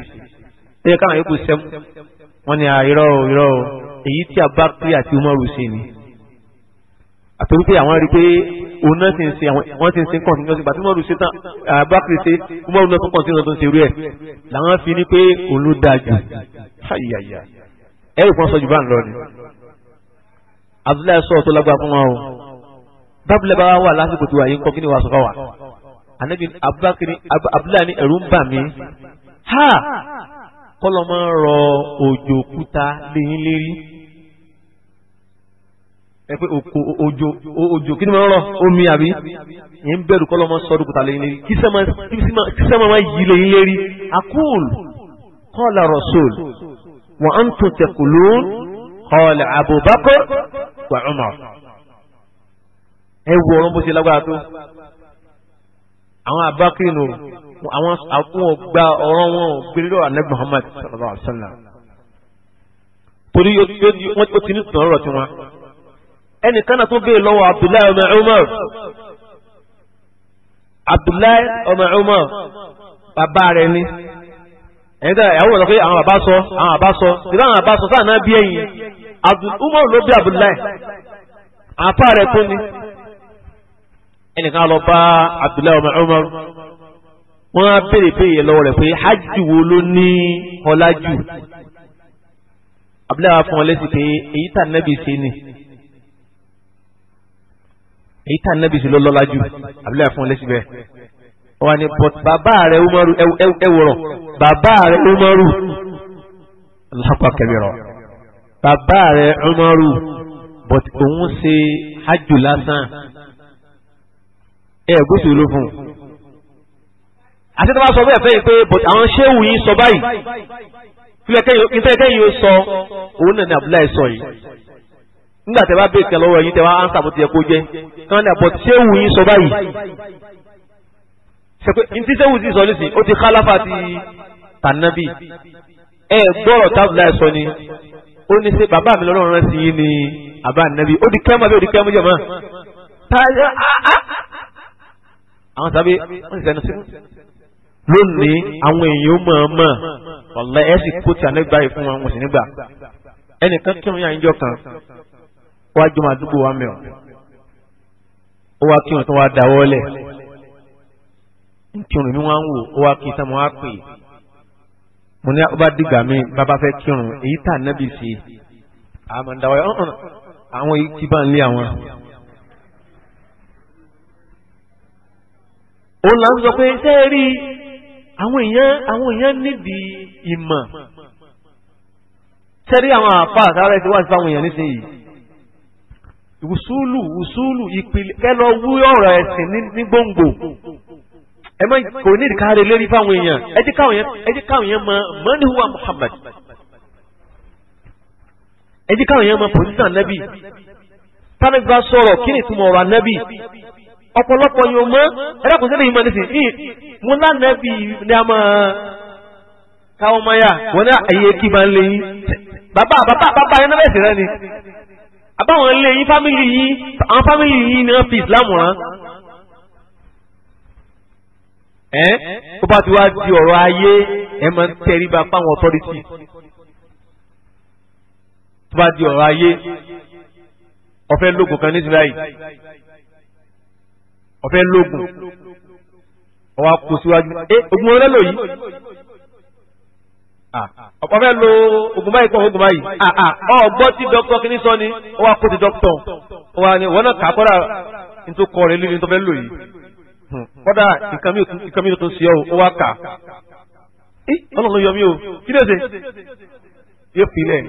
ẹ káwọn yòókù sẹ́mu wọn ni irọ́ o irọ́ o èyí tí abakiri àti umaru ṣe ni àtòrí pé àwọn rí i pé òun náà ti ń ṣe àwọn ti ń ṣe kọ̀ọ̀tún lọ́sìn gbàtí umaru ṣe tán abakiri ṣe umaru náà tó kọ̀ọ̀tún lọ́sìn ṣe rú ẹ̀ làwọn fi ni pé òun dáa jù ẹ rí i sọ jù bá ń lọ ni abdullahi sọ̀rọ̀ tó lágbára fún wọn o bábìlẹ̀ bá wà lásìkò tí wà yín kọ́ kí ni wàá sọ fáwà anabi abubakar abdullahi ẹ̀rù ń bà mí ha kọlọmọ rọ òjò òkúta léyìn lérí ẹ pé òjò òjò kí ni mo rọ omi àbí yẹn ń bẹ̀rù kọlọmọ sọdún òkúta léyìn lérí kí sẹ́mọ̀ máa yí léyìn lérí akúl kọ́ọ̀lá rọ̀ṣọ́l wọ́n á ń tún tẹ̀kùlù kọ́ọ̀lá Abubakar wa Umar ẹ wo ọ̀run bó ṣe lágbára tó àwọn abákiri nù àwọn àwọn gba ọ̀rọ̀ wọn ò gbé lọ́wọ́ alẹ́ Muhammad sallallahu alaihi wa sallam torí ó ti ní sùn ọ̀rọ̀ tiwọn ẹnìkan náà tó béè lọ́wọ́ Abdullahi ọmọ Umar Abdullahi ọmọ Umar bàbá rẹ̀ ni ẹ̀yìn tẹ́lẹ̀ àwọn ọ̀dọ́ pé àwọn bàbá sọ àwọn bàbá sọ ìlú àwọn bàbá sọ sáà náà bí ẹ̀yìn Umar ló bí Abdullahi àfa rẹ̀ tó ni ẹnìkan lọ bá abdullahi ọmọ umar wọ́n á béèrè béèrè lọ́wọ́ rẹ̀ pé hajj wo ló ní ọlá jù abdullahi fún wọn lẹ́sìn pé èyí tà nẹ́bì sí ni èyí tà nẹ́bì sí ló lọ́lá jù abdullahi fún wọn lẹ́sìn bẹ́ẹ̀ wọ́n á ní but bàbá rẹ̀ umaru ẹwùrọ̀ bàbá rẹ̀ umaru lọ́pàá kẹrìnrọ̀ bàbá rẹ̀ umaru but òun ṣe hajj lásán ẹ gúúsù ló fún un àti tí wọ́n sọ bẹ́ẹ̀ fẹ́yìn pé àwọn ṣéwù yìí sọ báyìí ìfẹ́kẹ́yìn yóò sọ òun náà ní Abdullahi sọ yìí nígbà tẹ bá bèèrè kẹlọ́wọ́ yìí tẹ bá ánsà bó ti yẹ kó jẹ́ kí wọ́n ní àpọ̀ ṣéwù yìí sọ báyìí ṣèpé ntí ṣéwù sì sọ nísìnyí ó ti kálàfà ti tànàbì ẹ gbọ́rọ̀ tábìlà sọ ni ó ní ṣe bàbá mi lọ́rùn rán sí yìí ni àbá nàbì ó di kẹ́mọ́ àwọn tàbí wọ́n ti sẹ́nu sí lónìí àwọn èèyàn mọ̀ọ́mọ̀ ọ̀lẹ́ ẹ̀ sì kó tà nígbà yìí fún wọn wọn sì nígbà ẹnìkan kírun yà ń kan wàá jọmọ àdúgbò wa mẹ́ọ̀ ó wá kírun tó wá dáwọ́ lẹ̀ nkírun mi wá ń wò ó wá kí sẹ́mu wá pè mo ní ọba dìgbà mi bàbá fẹ́ kírun èyí tà nábì sí i ń dáwọ́ yọ àwọn èyí ti bá ń lé àwọn. òun là ń sọ pé ṣé ẹ rí àwọn èèyàn àwọn èèyàn nídìí ìmọ̀ ṣé rí àwọn àpá àtàrà ẹ̀sìn wá sí fáwọn èèyàn nísìnyí wùsùlù wùsùlù ìpìlẹ̀ kẹ́ lọ wú ọ̀rọ̀ ẹ̀sìn ní gbòǹgbò ẹ má kò ní ìdíkàrè lérí fáwọn èèyàn ẹ jẹ́ káwọn èèyàn mọ mọ́níhùwà Muhammad ẹ jẹ́ káwọn èèyàn mọ pòsíṣàn nẹ́bì tánàgbà sọ̀rọ̀ kí ni ìtumọ̀ ọ̀rọ̀ ọ̀pọ̀lọpọ̀ yóò mọ́ ẹ̀rẹ́kùn sílẹ̀ ìmọ̀ nísìn yìí mú lánàá bí ní a máa káwọn máa yà wọ́n ní àyè kí máa ń lé yín bàbá bàbá bàbá yẹn náà ẹ̀sìn ni àbáwọn ilé yín fámìlì yín àwọn fámìlì yín ni wọ́n fi Islam rán ẹ́ ó bá ti wá di ọ̀rọ̀ ayé ẹ máa ń tẹríba fáwọn authority tó bá di ọ̀rọ̀ ayé ọ̀fẹ́ lóògùn kan ní Israel ọ̀fẹ́ lógun ọwọ́ kò síwájú ẹ ogun ọlẹ́ lò yìí ọ̀pọ̀ ah, fẹ́ lo ogun báyìí pọ̀ ogun báyìí ọgbọ́n ah, ah, tí dókítà kìíní sọ ni ọwọ́ kò sí dókítà ọwọ́ ni wọ́n náà kà kọ́ra nítorí kọ́ rẹ̀ lórí tó fẹ́ lò yìí hmm, kọ́dà nǹkan mi tó ń ṣe ọ́ ọ wá kà í eh, ọlọ́run yọ mí o kí ló ṣe yóò fi lẹ̀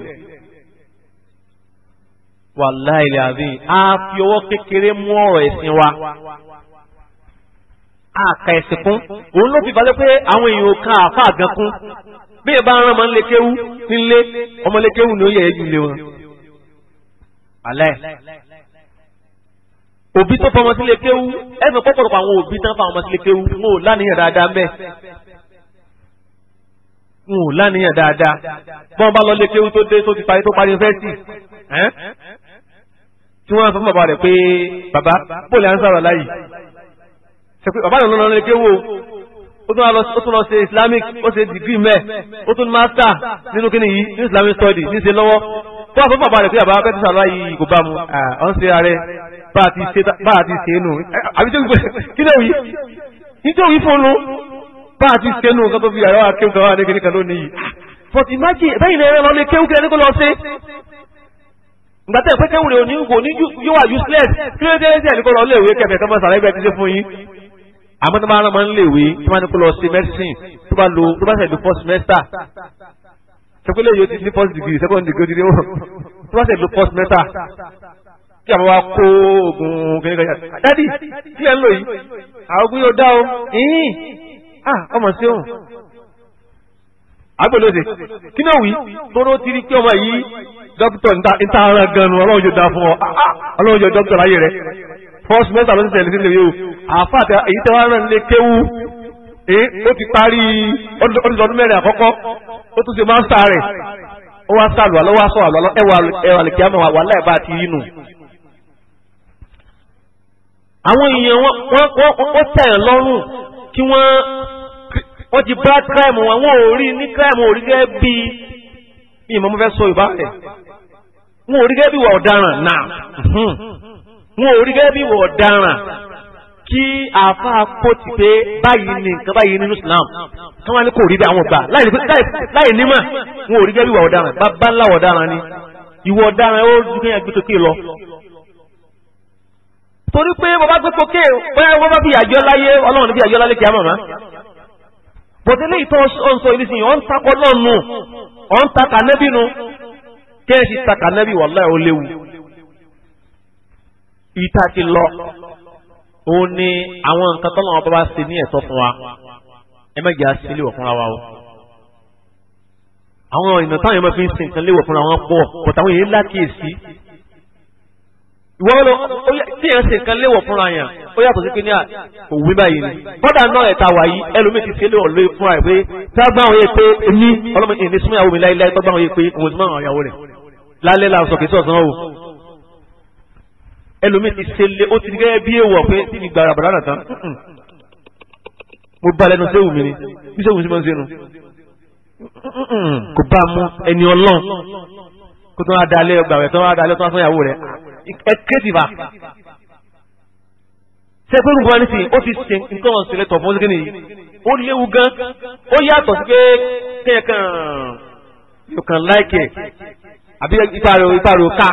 wàláìlẹ̀ àbí a fi ọwọ́ kékeré mú ọ̀rọ̀ ẹ̀sìn wa àkà ẹ̀sìn kún òun ló fi balẹ̀ pé àwọn èèyàn kan àfa àgàn kún bí ìbá ń rán ọmọ lékéwú nílé ọmọ lékéwú ni ó yẹ ẹjú lé wọn. alẹ́ òbí tó fọmọ sí lékéwú ẹ̀sìn pọ̀pọ̀lọpọ̀ àwọn òbí tán fa ọmọ sí lékéwú wọn ò láníyàn dáadáa mẹ́ wọn ò láníyàn dáadáa bọ́n bá lọ lékéwú tó dé tó ti parí tó parí fẹ́ẹ̀sì tí wọ́n sọ fún bàbá rẹ̀ pé bàbá bóòlù à ń sọ̀rọ̀ láyìí pé bàbá ìlú lọ́nà lẹ́kẹ́ wò ó tún lọ ṣe islamic ó ṣe degree mẹ́ ó tún master nínú kíni yìí ní islamic study ní ṣe lọ́wọ́ tó wà fún bàbá rẹ̀ pé bàbá bẹ́ẹ̀ tó ṣàlọ́ yìí kò bá mu ọ̀n ṣe ààrẹ bá a ti ṣe é nù àbí tó kí lè wí nítorí wí fún un bá a ti ṣe é nù nǹkan tó fi àrẹ́wà kéwù kan wà ní kíníkan lónìí yìí but imagine bẹ́ẹ̀ ni ẹ̀rọ lọ́ọ́ lè kéwù kí ẹni kó lọ ṣe gbàtẹ́ pé kéwù rẹ̀ ò ní yóò wà useless kí ló dé ẹ̀sẹ̀ ẹ̀ni kó lọ lé ìwé kẹfẹ́ kọ́mọ́sàrẹ́gbẹ́ ti ṣe fún yín àmọ́ tó bá rán ọmọ níléèwé tó bá ní kó lọ sí medicine tó bá lo tó bá ṣe lo first semester sẹ́kúlẹ̀ yóò ti ní first degree second degree ní wọ́n tó bá ṣe lo first semester kí àwọn wa kó oògùn kìnìkan yàtọ̀ dádì kí ẹ ń lò yìí àwọn oògùn yóò dá o ìyìn ọmọ sí òun agbèlóde kí náà wí tóró ti rí pé ọmọ yìí dókítà níta ara gan-an ọlọ́run yóò dá fún ọ ọlọ́run yóò dókítà láyé rẹ first semester ló ti tẹ̀lé sílẹ̀ yóò. àfa àti èyí tẹ́ wá rán lé kéwú ó ti parí ọdún mẹ́rin àkọ́kọ́ ó tún ṣe ó wá ẹwà ẹwà lè wà láì bá ti rí àwọn èèyàn wọ́n tẹ̀ lọ́rùn kí wọ́n wọ́n ti bá kíráìmù wọn wọn ò rí ní kíráìmù ò rí gẹ́gẹ́ bí ìmọ̀ mo fẹ́ sọ ìbá rẹ̀ wọn kí àáfàá kó ti pé báyìí ni nǹkan báyìí nínú Islam kí wọ́n á ní kò rí bí àwọn gbà láì nímọ̀ wọn ò rí jẹ́bí ìwà ọ̀daràn bàbá ńlá ọ̀daràn ni ìwà ọ̀daràn ó ju kéèyàn gbé sókè lọ. torí pé bàbá gbé sókè bóyá wọ́n bá fi àjọ láyé ọlọ́run níbi àjọ láyé kí á mọ̀ mọ́. bọ̀dé lè tọ́ ọ̀nsọ ọ̀n takọ lọ́nu ọ̀n takà nẹ́bí nu kéèyàn takà nẹ́bí wàlláhì ó léwu. ìta lọ òun ni àwọn nǹkan tọ́lọ́ wọn bá ṣe ní ẹ̀tọ́ fún wa ẹ má jẹ́ àṣìlè wọ̀ fúnra wa o. àwọn ìnà táwọn ẹ̀mọ́ fi ń sin nǹkan léwọ̀ fúnra wọn pọ̀ bọ̀tà àwọn èèyàn lákèésí. ìwọ lọ tí èèyàn ṣe nǹkan léwọ̀ fúnra yàn ó yàtọ̀ sí pé ní òwe báyìí ni kọ́dà náà ẹ̀ta wà yìí ẹlòmíì ti ṣe léwọ̀ lé fúnra ẹ̀ pé tágbà àwọn yẹn pé ẹlòmíì ti ṣe lé ó ti gẹ́gẹ́ bí èèwọ̀ pé tí mi gbàrà bàrà nàtàn mo bá lẹ́nu sẹ́wù mi ni bí sẹ́wù sí máa ń ṣe nu kò bá mu ẹni ọlọ́run kó tó wá dalẹ̀ ọgbà rẹ̀ tó wá dalẹ̀ tó wá sọ́yàwó rẹ̀ ẹ kéètì bá sẹ́gbẹ́rún bọ́ nísìnyí ó ti ṣe nǹkan ọ̀sìn lẹ́tọ̀ fún ṣẹ́gi nìyí ó léwu gan ó yàtọ̀ sí pé kéèyàn yóò kàn láìkè àbí ìparí ìparí ká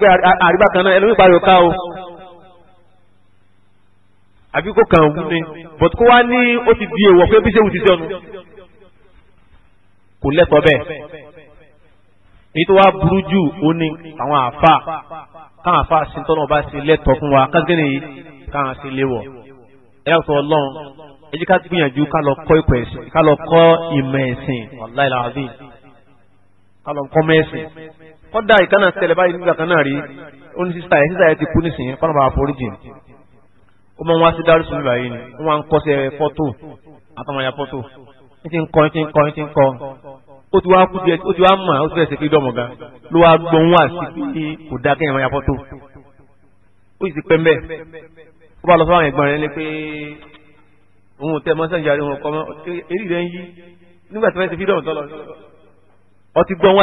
pé àríbá kan náà ẹlòmíì pariwo ká o àbí kò kàn wú ni but kó wá ní ó ti di èèwọ̀ pé bí sẹ́wù ti sọnù kò lẹ́tọ̀ọ́ bẹ́ẹ̀ èyí tó wá burú jù ó ní àwọn àfa káwọn àfa sí tọ́nà bá sí lẹ́tọ̀ọ́ fún wa káàkiri yìí káwọn sí léwọ̀ ẹ yàtọ̀ ọlọ́run ẹ jẹ́ ká gbìyànjú ká lọ kọ́ ìkọ̀ ẹ̀sìn ká lọ kọ́ ìmọ̀ ẹ̀sìn wàláìláàbí ká lọ kọ́ mẹ́sìn kọ́dà kana ṣẹlẹ̀ báyìí nígbà kan náà rí ó ní sísá yẹn sísá yẹn ti kú nísìnyí kọ́nà bàbá foríjì ó máa ń wá sí dárúsù nígbà yìí ni ó máa ń kọ́sẹ̀ fọ́tò àtọmọ̀yà fọ́tò ní ti ń kọ́ ní ti ń kọ́ ní ti ń kọ́ ó ti wá kú díẹ̀ ó ti wá mọ̀ ó ti fẹ́ẹ́ ṣe kí dọ́mọ̀ ga ló wá gbọ́n wá sí pé kò dá kéèyàn máa ya ó sì ti pẹ́ mbẹ́ ó bá lọ fáwọn ẹ̀gbọ́n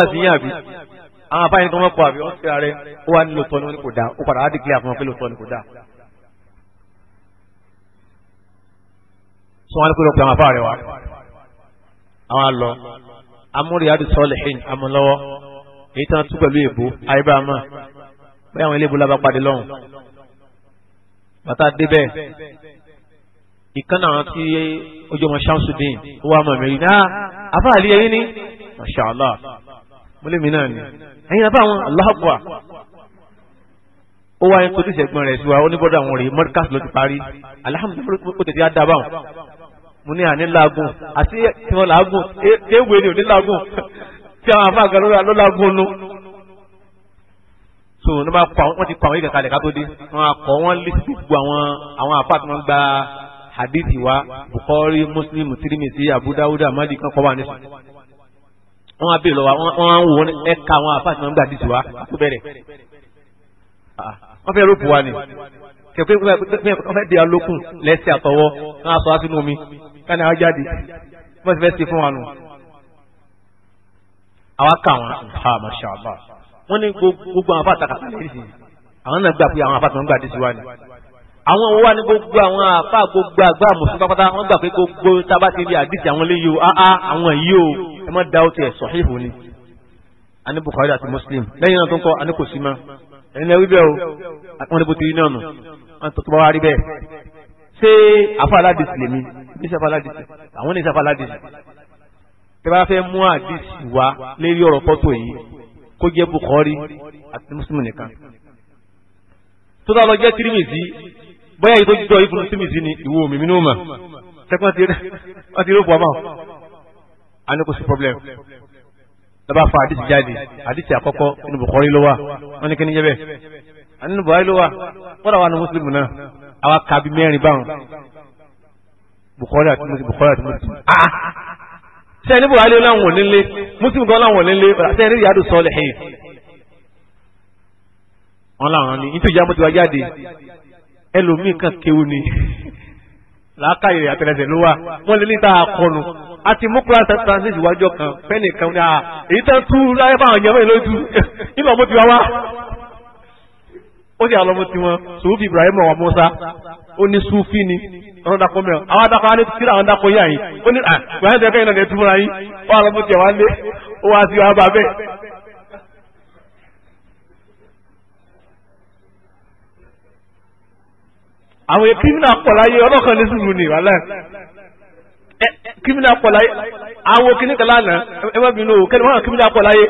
rẹ̀ àwọn abáyẹn tó wọ́n kọ àbí wọ́n ṣe ààrẹ ó wà nílò tọ́ ni wọ́n ní kò dáa ó padà wá dìgbìlẹ̀ àfọwọ́n pé lóòótọ́ ni kò dáa. sọ wọn ní kó lọ pe àwọn afáàrẹ wa àwọn àlọ amúríyàdù sọlẹ̀hìn amúlọ́wọ́ èyí tán tú pẹ̀lú èbó àyíbáàmà bẹ́ẹ̀ àwọn iléèbó lábá padì lọ́hùn bàtà débẹ̀ ìkànnà àwọn tí ojú ọmọ Shamsuddin wà mọ̀ mẹ́rin náà ah, afáàlì ẹ̀yìn ni masha Allah mo lé mi náà ni ẹ̀yin abá àwọn aláàbọ̀à ó wá ẹni tó ti ṣẹ̀gbọ́n rẹ̀ sí wa ó ní bọ́dọ̀ àwọn rèé mọ́díkàsì ló ti parí alihamudulilayi ó tètè á dábàá wọn mo ní àní làágùn àti tí wọn làágùn éwèé ni ò ní làágùn tí àwọn afáàgà ló làágùn nu so ní wọ́n ti kọ àwọn ìkàkà lẹ́ka tó dé wọ́n akọ wọ́n lé sí gbogbo àwọn àwọn àfa tí wọ́n gba hadithi wa Bukhari Muslim Tirmidhi Abu Dawud amadi kan kọ́ wa nísìnyí wọn á bèèrè lọ́wọ́ wọn á ń wo ẹ̀ka àwọn àfáà tí wọ́n gbà dìtì wa kó bẹ̀rẹ̀ ah, wọ́n fẹ́ rọ́pù wa ni kẹ̀kẹ́ wọ́n fẹ́ di alókùn lẹ́sẹ̀ àtọwọ́ wọn á sọ wá sínú omi káni àwọn jáde wọ́n ti fẹ́ ṣe fún wa nù. àwa kà wọn ha masha Allah wọn ní gbogbo àwọn àfáà takàtà lẹ́yìn àwọn náà gbà pé àwọn àfáà tí gbà dìtì wa ni àwọn òun wà ní gbogbo àwọn àfa gbogbo àgbà mùsùlùmí pátápátá wọn gbà pé gbogbo tába ti rí àdìsí àwọn eléyìí o áá àwọn èyí o ẹ má da ọtí ẹ sọhíhù ni. ani Bukhari àti Muslim lẹ́yìn náà tó ń kọ ani kò sí ma ẹni náà wí bẹ́ẹ̀ o àwọn ẹni bó ti rí náà nù wọn tó bá wá rí bẹ́ẹ̀. ṣé àfa aládìsí lèmi bí ṣe àfa aládìsí àwọn ní ṣe àfa aládìsí. tẹ bá fẹ́ mú àdìsí wá lérí ọ̀rọ̀ pọ́tò yìí kó jẹ́ Bukhari àti bóyá yìí tó jọ ibùdó tí mi sí ni ìwọ mi mi ní o mà sẹ́kọ́ wọ́n ti rí òkú ọmọ àní kò sí problem lọ́ba fa àdìsí jáde àdìsí àkọ́kọ́ inú Bukhari ló wà wọ́n ní kí ni yẹ bẹ́ẹ̀ àní inú Bukhari ló wà wọ́n àwọn mùsùlùmí náà àwa kàbí mẹ́rin báwọn Bukhari àti mùsùlùmí Bukhari àti mùsùlùmí sẹ́yìn ah, ah. ní buhari láwọn onílé muslim gan láwọn onílé sẹ́yìn ní yàdù sọ́ọ̀lì hẹ́ẹ̀. wọ́n láwọn ní nítorí ìyá mo ti wá jáde ẹlòmíì kan kéwù ni làákàyè rẹ̀ àtẹlẹsẹ̀ ló wà wọ́n lé níta àkọlù àti mọ́kúrá transit ìwájọ́ kan fẹ́ẹ̀nì kan ní à èyí tán tú láyé báwọn èèyàn mẹ́rin lójú nínú ọmọ tiwa wá ó sì àlọ́mọ tiwọn sùúfì Ibrahim ọmọ Musa ó ní sùúfì ni ọ̀nà dàpọ̀ mẹ́rin àwọn adakọ̀ alẹ́ ti kíra àwọn adakọ̀ yá yìí ó ní à ìwádìí ẹ̀kọ́ yìí náà lè túmọ̀ra yín ó àlọ́mọ tiwa lé ó wá sí wa bá bẹ́ẹ̀ àwọn èèyàn kírímìnà pọ̀ láyé ọlọ́kan lé sùúrù ni wàhálà kírímìnà pọ̀ láyé àwọn kíní kan lánàá ẹ má bínú o kẹ́ni wọ́n kírímìnà pọ̀ láyé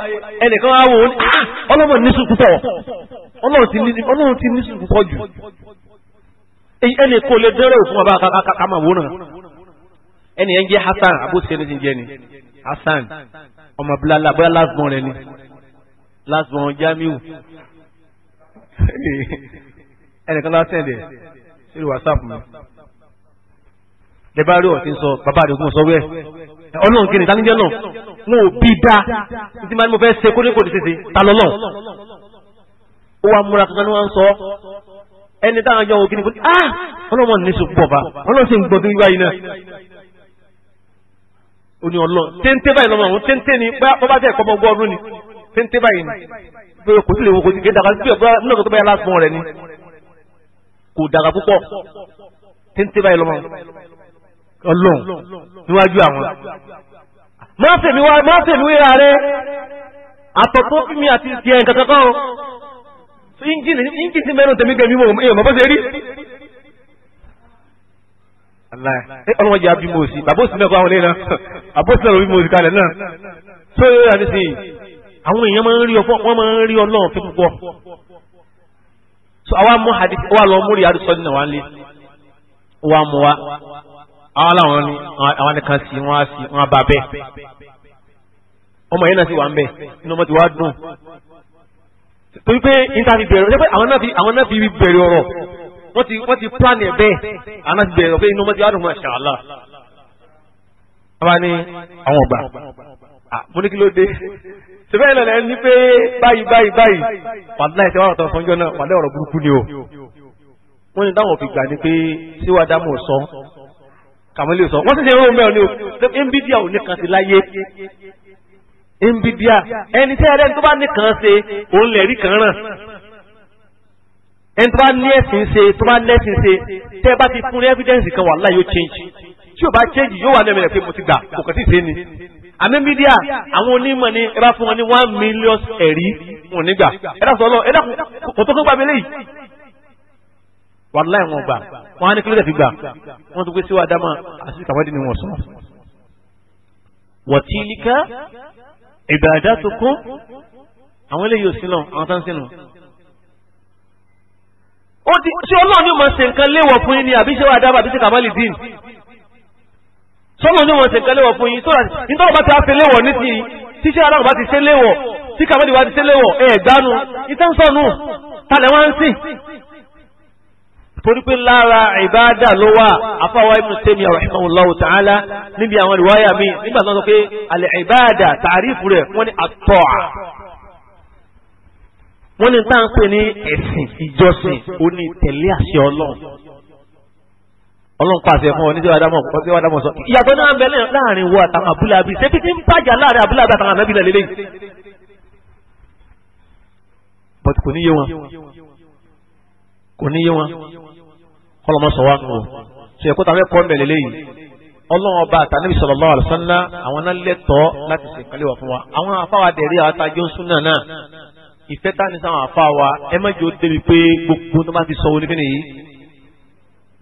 ẹnìkan á wò ó ah, ní ọlọ́mọ ní sùn púpọ̀ ọlọ́run ti ní sùn púpọ̀ jù ẹnì kò lè dẹ́rẹ́ òfin ọba kàkàmà wò náà ẹnì yẹn jẹ́ Hasan abóṣe ẹni jẹ́ ni Hasan ọmọ bilala bóyá lásìbọn rẹ ni lásìbọn Jamiu ẹnìkan lásìbọn rẹ lórí whatsapp mi lẹ́bàá rí ọ̀tí ń sọ bàbá àdìgún sọ wẹ́ẹ̀ ọlọ́run kìíní táníjẹ́ náà wọn ò bí dáa títí máa ní mo fẹ́ ṣe kódé kódé tètè ta lọ́lọ́ ó wá múra kankan ní wọ́n ń sọ ẹni táwọn jọ wọ kìíní fún ah ọlọ́mọ ní sùn pọ̀ bá ọlọ́run sì ń gbọ́dọ̀ wíwá yìí náà ó ní ọlọ́run téńté báyìí lọ́mọ àwọn téńté ni bó bá tẹ̀ kọ́ ọmọ ọgọ́rùn-ún ni téńté báyìí ni pé kò sí lè wọ́n kò sí kéde àkàtúntì ọ̀gbọ́n náà kò tó báyà lásán rẹ̀ ni kò dàgbà púpọ̀ téńté báyìí lọ́mọ ọlọ́run níwájú àwọn. má fèmí wá má fèmí wéra rẹ àtọ̀tọ̀ fún mi àti tiẹ̀ nǹkan kankan o íńjìnì ti mẹ́rin tẹ̀mí gẹ̀mí mọ̀ èèyàn mọ̀ bó ṣe rí. ọlọ́wọ́n jẹ́ abimọ̀ òsì bàbá òsì mẹ́kọ̀ọ́ àwọn ilé náà bàbá òsì náà bímọ òsì kalẹ̀ náà tó yóò yára nísìnyí àwọn èèyàn máa ń rí ọlọ́run fi púpọ̀ so àwa mú hadith wa lọ múri àdúsọ nínú wa ń lé wa mú wa àwọn làwọn ni àwọn nìkan sí wọn sí wọn bá bẹ́ẹ̀ ọmọ yẹn náà sì wà ń bẹ inú ọmọ ti wá dùn torí pé níta fi bẹ̀rẹ̀ pé àwọn náà fi àwọn náà fi bẹ̀rẹ̀ ọ̀rọ̀ wọ́n ti wọ́n ti plan ẹ̀ bẹ́ẹ̀ àwọn náà ti bẹ̀rẹ̀ pé inú ọmọ ti wá dùn masha Allah bàbá ni àwọn ọgbà mo ní kí ló dé sẹ́fẹ́ ìlànà ẹni pé báyìí báyìí báyìí wàdúrà ìṣẹ́ wàrà tó fọ́njọ́ náà wàdúrà ọ̀rọ̀ burúkú ni o wọ́n ní táwọn òfin gbà ní pé síwájú mò sọ kàmílì sọ wọ́n sì ṣe irun mẹ́rin ni o nbídíà ò ní kan sí láyé nbídíà ẹni tí ẹlẹ́ni tó bá ní kan ṣe òun lè rí kan ràn ẹni tó bá ní ẹ̀sìn ṣe tó bá lẹ́sìn ṣe tẹ́ ẹ bá ti change tí ò change yóò wà ní ẹ̀mí rẹ̀ pé mo ti gbà kò àmẹ́bídíà àwọn onímọ̀ ni ẹ bá fún wọn ní one million ẹ̀rí wọn nígbà ẹ dà sọ́lọ́ ẹ dà kò tó kó gbà bẹ́lẹ̀ yìí wàláì wọn gbà wọn á ní kílódé fi gbà wọn tó gbé síwájú àdámà àti kàwádìí ni wọn sọ. wọ̀tílíkà ìbàdà tó kún àwọn eléyìí ò sí lọ àwọn tá ń sínú ó ti ṣé ọlọ́run ní ma ṣe nǹkan léwọ̀ fún yín ni àbí ṣé wàá dábàá àbí ṣe kàmálì dín sọ́nà ní wọ́n ṣe nǹkan léwọ̀ fún yín sọ́nà nítorí ọba ti wá ṣe léwọ̀ ní ti tíṣẹ́ aláwọ̀ bá ti ṣe léwọ̀ tí kàmẹ́lì wá ti ṣe léwọ̀ ẹ̀ gbánu ìtẹ́sọ̀nù talẹ̀ wá ń sìn. torí pé lára ìbáàdà ló wà afáwa ibn Taymiyyah rahimahullahu ta'ala níbi àwọn ìwáyà mi nígbà tó ń sọ pé àlẹ́ ìbáàdà tààrífù rẹ̀ wọ́n ní àtọ́ wọ́n ní táà ń pè ní ẹ̀sìn ìjọsìn ó tẹ̀lé àṣẹ Ọlọ́run ọlọ́run pàṣẹ fún ọ níjọ́ adamu ọ̀sẹ̀ adamu sọ. ìyàtọ̀ náà ń bẹ láàrin wo àtàwọn abúlé abí ṣé títí ń bàjá láàrin abúlé abí àtàwọn àmẹ́bí lẹ̀ lélẹ́yìn. bọ́t kò níye wọn kò níye wọn kọlọmọ sọ wa nù ṣe ẹ̀kọ́ tàbí ẹ̀kọ́ mẹ́lẹ̀ lẹ́yìn ọlọ́run ọba àtàníbi sallallahu alaihi wasallam àwọn náà lẹ́tọ̀ọ́ láti ṣèkálẹ̀ wà fún wa àwọn afáwa dẹ̀rí àwọn atajọ́ súnà náà ìfẹ́ tánisa àwọn afáwa ẹ mẹ́jọ débi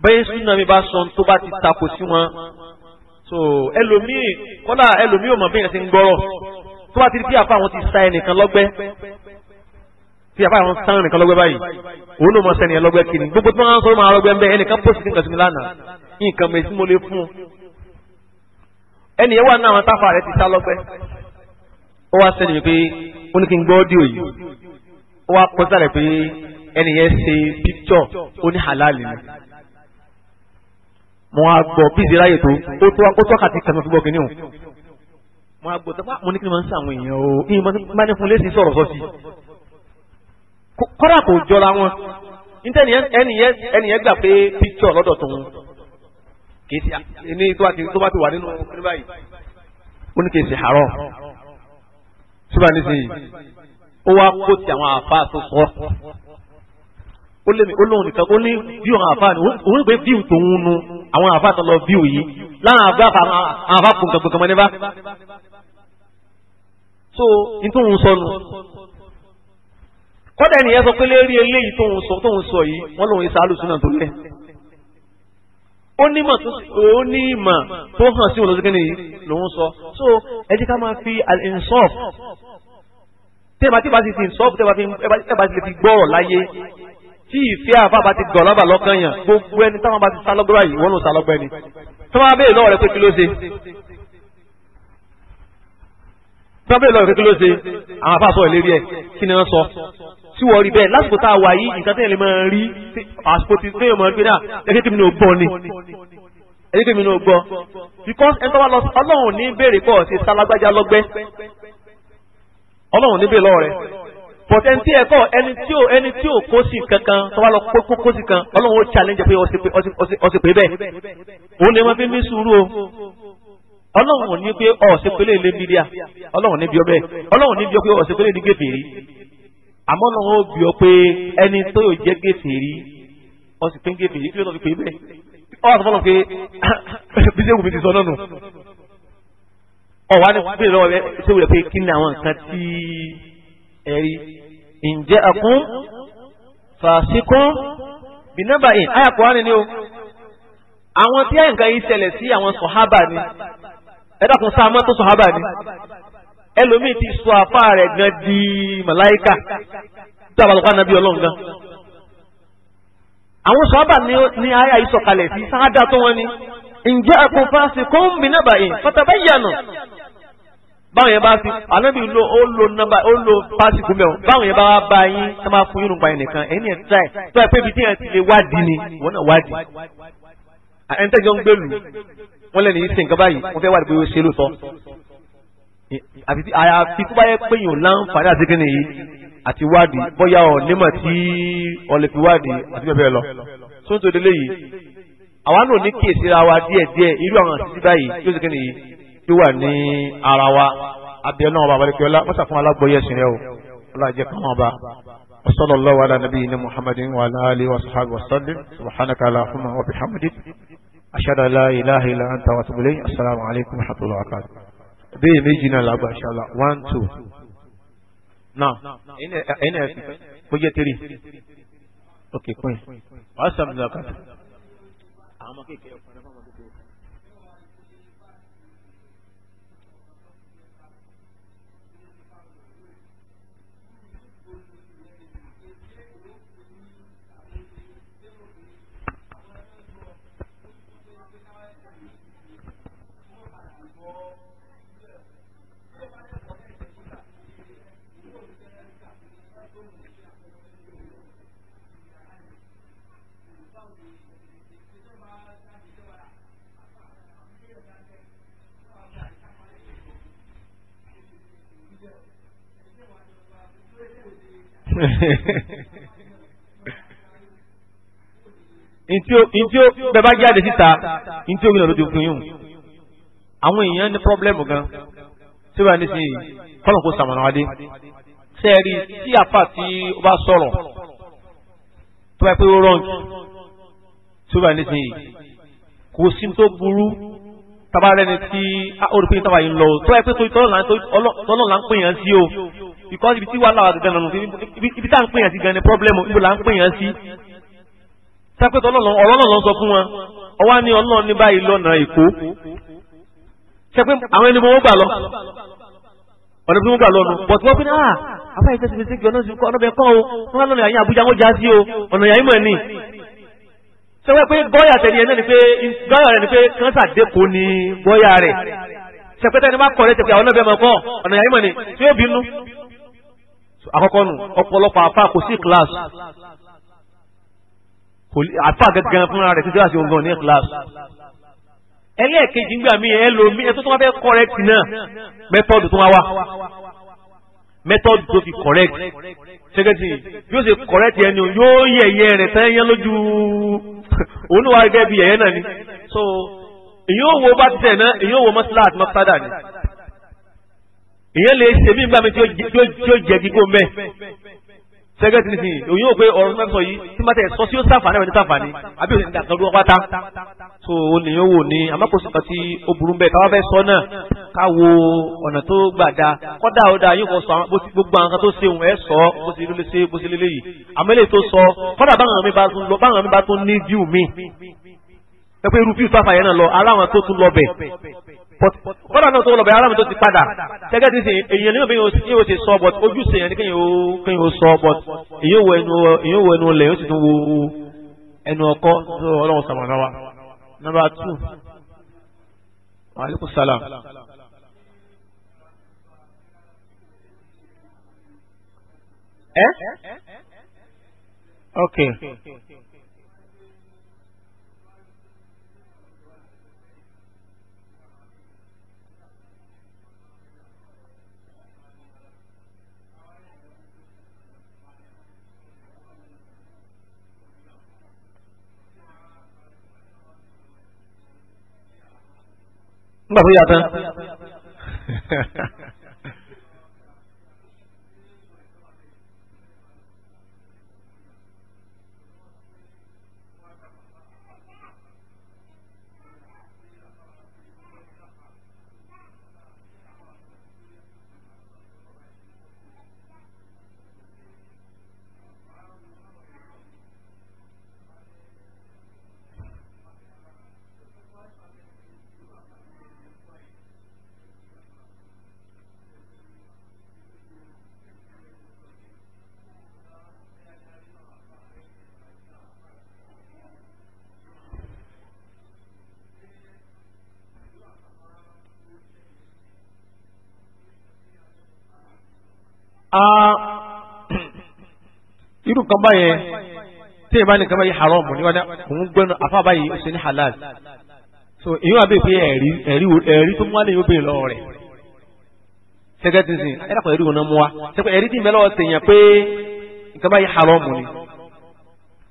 bẹ́ẹ̀ súnà mi bá sọ tó bá ti takò sí wọn so ẹlòmíì kọ́lá ẹlòmíì ò mọ̀ bẹ́ẹ̀ ti ń gbọ́rọ̀ tó bá ti di bí àfa àwọn ti sa ẹnìkan lọ́gbẹ́ bí àfa àwọn sa ẹnìkan lọ́gbẹ́ báyìí òun ló mọ̀ sẹ́ni ẹ̀ lọ́gbẹ́ kiri gbogbo tí wọ́n á sọ máa lọ́gbẹ́ mbẹ́ ẹnìkan pòsìtì nǹkan sí mi lánàá nǹkan mẹ́sì mo lè fún un ẹnìyẹn wà náà táfà mo á gbọ́ bí ìṣe ráyè tó ó tó ó tó àkàtì kan tó gbọ́ kínní o mo á gbọ́ tọ́pá mo ní kí ni mo ń sá àwọn èèyàn o ìyẹn máa ní fún lẹ́sí sọ̀rọ̀ sọ́sì kọ́dà kò jọra wọn nítorí ẹnìyẹn ẹnìyẹn gbà pé píkṣọ̀ lọ́dọ̀ tó ń kì í ní tó bá ti wà nínú ní báyìí ó ní kì í àárọ̀ ṣùgbọ́n nísìnyí ó wá kó ti àwọn àfa àtúnṣọ́ ó lé mi ó lóun nìkan ó ní bíu àwọn àfa ni òun gbé bíu tòun nu àwọn àfa tó lọ bíu yìí láwọn àfa àwọn àfa gbọ̀ngàngbọ̀ngàn mọ́ nípa. so nítorí sọnù kọ́dà ènìyàn sọ pé lérí eléyìí tóun sọ tóun sọ yìí wọ́n lòun ìsà alùsùnà tó lẹ̀. ó ní ìmọ̀ tó hàn sí òun lọ́sọ́kẹ́ lòun sọ so ẹ jẹ́ ká máa fi al-insaf tí bá ti fi insaf tẹ́ẹ̀bà tí bá ti lè fi gbọ́rọ̀ láyé tí ìfẹ́ àfàbà ti dọ̀lábà lọ́kàn yàn gbogbo ẹni táwọn bá ti sá lọ́gbọ́rọ̀ yìí wọ́n ló sá lọ́gbọ́ ẹni tí wọ́n bá béèrè lọ́wọ́ rẹ pé kí ló ṣe tí wọ́n béèrè lọ́wọ́ rẹ pé kí ló ṣe àwọn afá sọ ìlérí ẹ̀ kí ni wọ́n sọ tí wọ́n rí bẹ́ẹ̀ lásìkò tá a wà yìí nǹkan tẹ́yìn lè máa rí àsìkò tí tẹ́yìn máa gbé náà ẹgbẹ́ tèmi ní o gbọ́ ni ẹgbẹ́ tèmi ní o gbọ́ because ẹni tó bá lọ ọlọ́run ní béèrè pọ̀ ṣe but ẹni tí ẹ kọ ẹni tí ò ẹni tí ò kó sí kankan tó bá lọ kó kó sí kan ọlọ́run ó challenge pé ọsẹ pé bẹ́ẹ̀ òun ni wọ́n fi ní sùúrù o ọlọ́run ní pé ọ̀sẹ̀ pélé lé mídíà ọlọ́run ní bí ọ bẹ́ẹ̀ ọlọ́run ní bí ọ pé ọ̀sẹ̀ pélé ní gèfèrí àmọ́ ọlọ́run ó bí ọ pé ẹni tó yóò jẹ́ gèfèrí ọsẹ̀ pé gèfèrí kí ló fi pè bẹ́ẹ̀ ọ̀ àtọ́fọ́lọ́ pé bí sẹ́wù mi ti sọ náà nù ọ̀ wá ní pé lọ́wọ́ rẹ̀ sẹ́wù rẹ̀ pé kí ni àwọn nǹkan tí ẹ̀rí ǹjẹ́ àkún fàṣíkún bìnàbà in ayàkùn wánì ni o àwọn tí àyànká yìí ṣẹlẹ̀ sí àwọn sọ̀hábà ni ẹ̀dàkùn sáà mọ́tò sọ̀hábà ni ẹlòmíì ti sọ apá rẹ̀ gan di màláìkà tí àbálùkọ́ ànábì ọlọ́run gan àwọn sọ̀hábà ni ayà yìí sọ̀kalẹ̀ sí sáádà tó wọn ni ǹjẹ́ àkún fàṣíkún bìnàbà in fatabayyanu báwọn yẹn bá ti ànábì ló ó lo nọ́mbà ó lo pásìkò mẹ́wọ̀n báwọn yẹn bá wá bá yín tó máa fún yín nípa yẹn nìkan ẹ̀yin yẹn tíráì tó ẹ pé ibi tí yẹn ti lè wádìí ni wọn náà wádìí ẹni tẹ́jọ́ ń gbèlú wọn lẹ́nu yìí sí nǹkan báyìí wọ́n fẹ́ wádìí pé ó ṣe ló sọ àyàfi tó bá yẹ pé yòó láǹfààní àti kíni yìí àti wádìí bóyá ọ nímọ̀ tí ọ lè fi wádìí àti bẹ́ẹ̀ bẹ́ẹ̀ lọ tó wà ní ara wa abẹ́ náà bàbá rẹ̀ kíọ́lá wọ́n sàfún alágbóyè ẹ̀sìn rẹ̀ o ọlọ́jẹ́ kan wọn bá وصلى الله على نبينا محمد وعلى آله وصحبه وسلم سبحانك اللهم وبحمدك أشهد أن لا إله إلا أنت وأتوب إليك السلام عليكم ورحمة الله وبركاته بي ميجينا لابا إن شاء الله 1 2 نعم أين أين كوجي تري أوكي كوين وأسلم لك أما كيف ntí o ntí o bẹ́ẹ̀ bá jáde síta ntí o gbìyànjú lójú fún yín àwọn èèyàn ní pọ́blẹ́mù gan tí wọ́n á ní sí kọ́lọ̀kù sàmọ̀nà wádé sẹ́ẹ̀rí tí àpá tí ó bá sọ̀rọ̀ tó bá pé ó rọ̀ǹkì tí ó bá ní sí kò sí tó burú tabarẹ́ni tí ó rí pé táwa yìí lọ tó bá pé tọ́lọ́ là ń pè yàn sí o because ibi tí wàhálà wà gẹ́gẹ́ nínú ibi tá à ń pè yàn sí gan ni problem ibi là ń pè yàn sí. sápẹ́tọ̀ ọlọ́run ọ̀rọ̀ náà ló ń sọ fún wọn ọwọ́ ni ọlọ́run ní báyìí lọ́nà èkó sẹ́pẹ́ àwọn ẹni wọ́n gbà lọ ọ̀nà bí wọ́n gbà lọ nù bọ̀tí wọ́n pín ní àà ah, àbáyé tẹ́sí mi sí kí ọ̀nà sí ọ̀nà bẹ̀ kàn o wọ́n lọ́nà yàyìn Àbújá wọ́n já sí o ọ̀nà yàyìn mọ̀ ní. sẹ́wọ́n pé gọ́yà tẹ̀lé ẹ̀ náà ni pé gọ́yà rẹ̀ ni pé kánsà dẹ́kun ni gọ́yà rẹ̀ sẹ́pẹ́tẹ́ ni má kọ̀ rẹ̀ tẹ̀pẹ́ àwọn ọ̀nà bẹ̀ mọ̀ kọ́ ọ̀nà yàyìn mọ̀ ní tí ó bínú àkọ́kọ́ nù ọ̀pọ̀lọpọ̀ àfa kò sí kíláàsì àfa gẹ́gẹ́ fúnra rẹ̀ títí láti ọgbọ̀n ní kíláàsì ẹlẹ́ẹ̀kejì ńgbà mí ẹ lò mí ẹ tó tó wá fẹ́ correct náà mẹ́tọ́dù tó wá wá mẹ́tọ́dù tó fi correct ṣẹ́gẹ́tì yóò ṣe correct yẹn ni yóò yẹ ẹ̀yẹ rẹ̀ tán yẹn lójú òun wà gẹ́gẹ́ bí ẹ̀yẹ náà ni so èyí ò wo bá tẹ̀ náà èyí ò wo mọ́sálà àti mọ́sádà ni ìyẹn lè ṣe mí gbàmí tí ó jẹ gígó mẹ sẹgẹtì nìsín òyìn ò pé ọ̀rọ̀ náà sọ yìí tí má tẹ sọ sí ó sàǹfààní àwọn ẹni sàǹfààní àbí òní ìdàkan ló wá pátá so oníyàn wò ní amákòsí kan tí ó burú bẹ́ẹ̀ káwá fẹ́ sọ náà ká wo ọ̀nà tó gbà da kọ́dà ó da yóò kọ́ sọ gbogbo àwọn kan tó ṣe òun ẹ̀ sọ bó ṣe lélẹ́ ṣe bó ṣe lélẹ́ yìí àmọ́ eléyìí tó sọ kọ́dà báwọn mi bá tún lọ báwọn mi bá tún ní fíù mi ẹ pé irú fíù tó àfàyẹ náà lọ aláwọn tó tún lọ bẹ̀ But kọ́dà náà tó lọ bẹ̀rẹ̀ aláàmì tó ti padà gẹ́gẹ́ ti sìn èyàn nínú bí yóò ṣe sọ bọ̀t ojúṣe yẹn ni kéyìn ó sọ but èyàn wo ẹnu èyàn wo ẹnu lẹ̀ yóò sì tún wo ẹnu ọkọ ọlọ́run sàmàlà wa. nọ́mbà two aleykum salam. ẹ eh? ok. okay. okay. nígbà tó yà tán irú kan báyẹn tí ìbá nìkan báyìí haram níwájú òun gbẹ́nu afá báyìí ó ṣe ní halal so èyí wà bẹ́ẹ̀ pé ẹ̀rí ẹ̀rí tó mú wálé yóò bẹ́ẹ̀ lọ́wọ́ rẹ̀ sẹ́kẹ́tìsì ẹ̀dàpọ̀ ẹ̀rí wọn mú wa sẹ́kẹ́ ẹ̀rí tí mẹ́lọ́ tèèyàn pé nǹkan báyìí haram ni